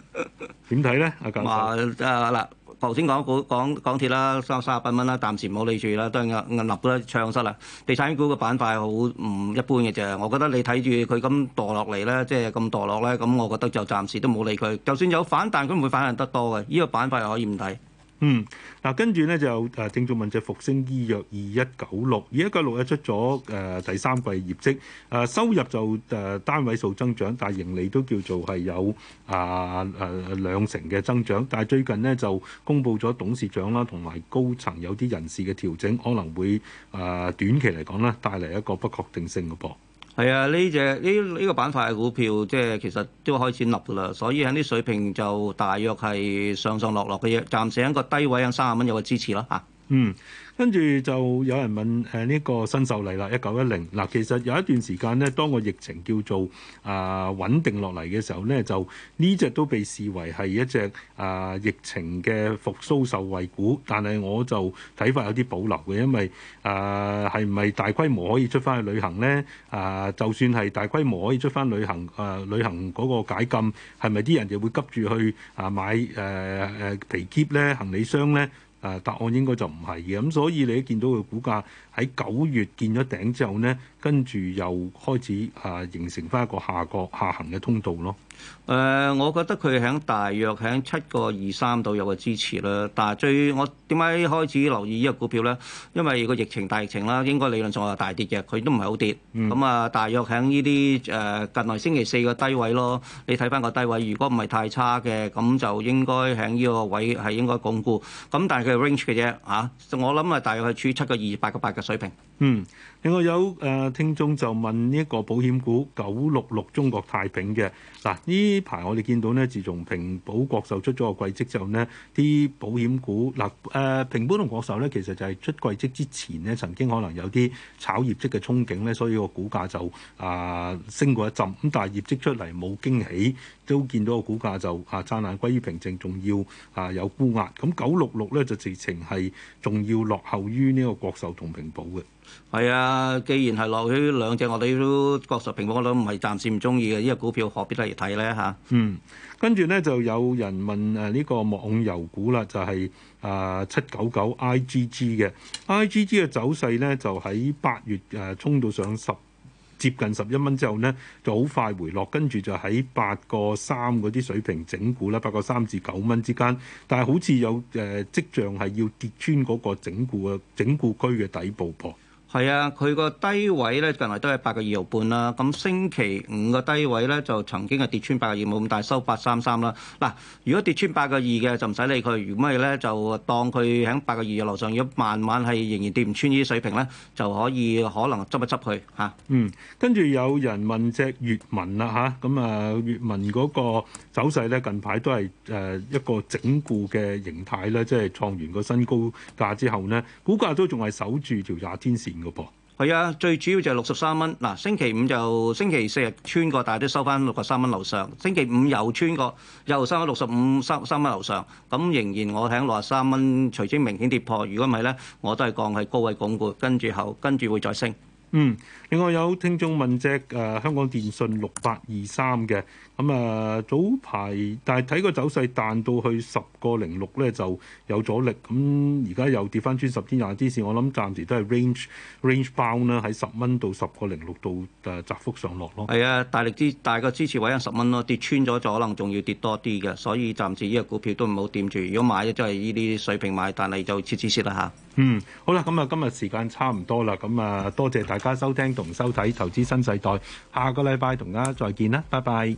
點睇咧？阿教授話誒啦，頭先講股講港鐵啦，收三十八蚊啦，暫時唔好理住啦，都係銀銀立都唱失啦。地產股嘅板塊好唔一般嘅啫。我覺得你睇住佢咁墮落嚟咧，即係咁墮落咧，咁我覺得就暫時都冇理佢。就算有反彈，佢唔會反彈得多嘅。呢個板塊可以唔睇。嗯，嗱，跟住咧就誒、呃、正做問就復星醫藥二一九六，二一九六呢出咗誒第三季業績，誒、呃、收入就誒、呃、單位數增長，但係盈利都叫做係有啊誒兩成嘅增長，但係最近呢，就公布咗董事長啦同埋高層有啲人事嘅調整，可能會誒、呃、短期嚟講呢，帶嚟一個不確定性嘅噃。係啊，呢、這、隻、個這個板塊嘅股票，其實都開始落啦，所以喺啲水平就大約係上上落落嘅嘢，暫時喺個低位，喺三十蚊有個支持啦。嗯，跟住就有人問誒呢、啊這個新秀麗啦，一九一零嗱，其實有一段時間咧，當個疫情叫做啊穩定落嚟嘅時候咧，就呢隻都被視為係一隻啊疫情嘅復甦受惠股，但係我就睇法有啲保留嘅，因為啊係唔係大規模可以出翻去旅行呢？啊，就算係大規模可以出翻旅行，啊旅行嗰個解禁係咪啲人就會急住去買啊買誒誒皮篋呢？行李箱呢？誒答案應該就唔係嘅，咁所以你都見到佢股價喺九月見咗頂之後咧，跟住又開始啊形成翻一個下降下行嘅通道咯。誒、呃，我覺得佢喺大約喺七個二三度有個支持啦。但係最我點解開始留意呢個股票咧？因為個疫情大疫情啦，應該理論上係大跌嘅，佢都唔係好跌。咁啊、嗯嗯，大約喺呢啲誒近來星期四個低位咯。你睇翻個低位，如果唔係太差嘅，咁就應該喺呢個位係應該鞏固。咁但係佢係 range 嘅啫嚇，我諗啊，大約係處於七個二八個八嘅水平。嗯。另外有誒、呃、聽眾就問呢個保險股九六六中國太平嘅嗱，呢、啊、排我哋見到呢，自從平保國壽出咗個季績之後，呢啲保險股嗱誒、啊呃、平保同國壽呢，其實就係出季績之前呢曾經可能有啲炒業績嘅憧憬呢，所以個股價就啊升過一陣咁，但係業績出嚟冇驚喜，都見到個股價就啊燦爛歸於平靜，仲要啊有沽壓，咁九六六呢，就直情係仲要落後於呢個國壽同平保嘅。係啊，既然係落去兩隻，我哋都國十平方都唔係暫時唔中意嘅呢個股票，何必嚟睇咧？嚇，嗯，跟住咧就有人問誒呢個網遊股啦，就係啊七九九 I G G 嘅 I G G 嘅走勢咧，就喺八月誒衝、呃、到上十接近十一蚊之後呢，就好快回落，跟住就喺八個三嗰啲水平整固啦，八個三至九蚊之間，但係好似有誒跡、呃、象係要跌穿嗰個整固嘅整固區嘅底部噃。係啊，佢個低位咧近來都係八個二毫半啦。咁星期五個低位咧就曾經係跌穿八個二冇咁大收八三三啦。嗱，如果跌穿八個二嘅就唔使理佢，如果係咧就當佢喺八個二嘅樓上，如果慢慢係仍然跌唔穿呢啲水平咧，就可以可能執一執佢嚇。嗯，跟住有人問隻粵文啦嚇，咁啊粵、啊、文嗰個走勢咧近排都係誒一個整固嘅形態咧，即係創完個新高價之後呢，股價都仲係守住條廿天線。個噃係啊，最主要就係六十三蚊嗱。星期五就星期四穿過，大家都收翻六十三蚊樓上。星期五又穿過，又收翻六十五三三蚊樓上。咁仍然我喺六十三蚊，隨即明顯跌破。如果唔係咧，我都係降喺高位鞏固，跟住後跟住會再升。嗯。另外有聽眾問隻誒、呃、香港電訊六八二三嘅，咁、嗯、啊早排但係睇個走勢彈到去十個零六咧，就有阻力，咁而家又跌翻穿十天廿天線，我諗暫時都係 range range bound 啦，喺十蚊到十個零六度誒窄幅上落咯。係啊，大力，大力支大個支持位喺十蚊咯，跌穿咗就可能仲要跌多啲嘅，所以暫時呢個股票都唔好掂住，如果買咗就係呢啲水平買，但係就設止蝕啦嚇。嗯，好、嗯、啦，咁、嗯、啊今日時間差唔多啦，咁、嗯、啊多謝大家收聽。同收睇投資新世代，下個禮拜同大家再見啦，拜拜。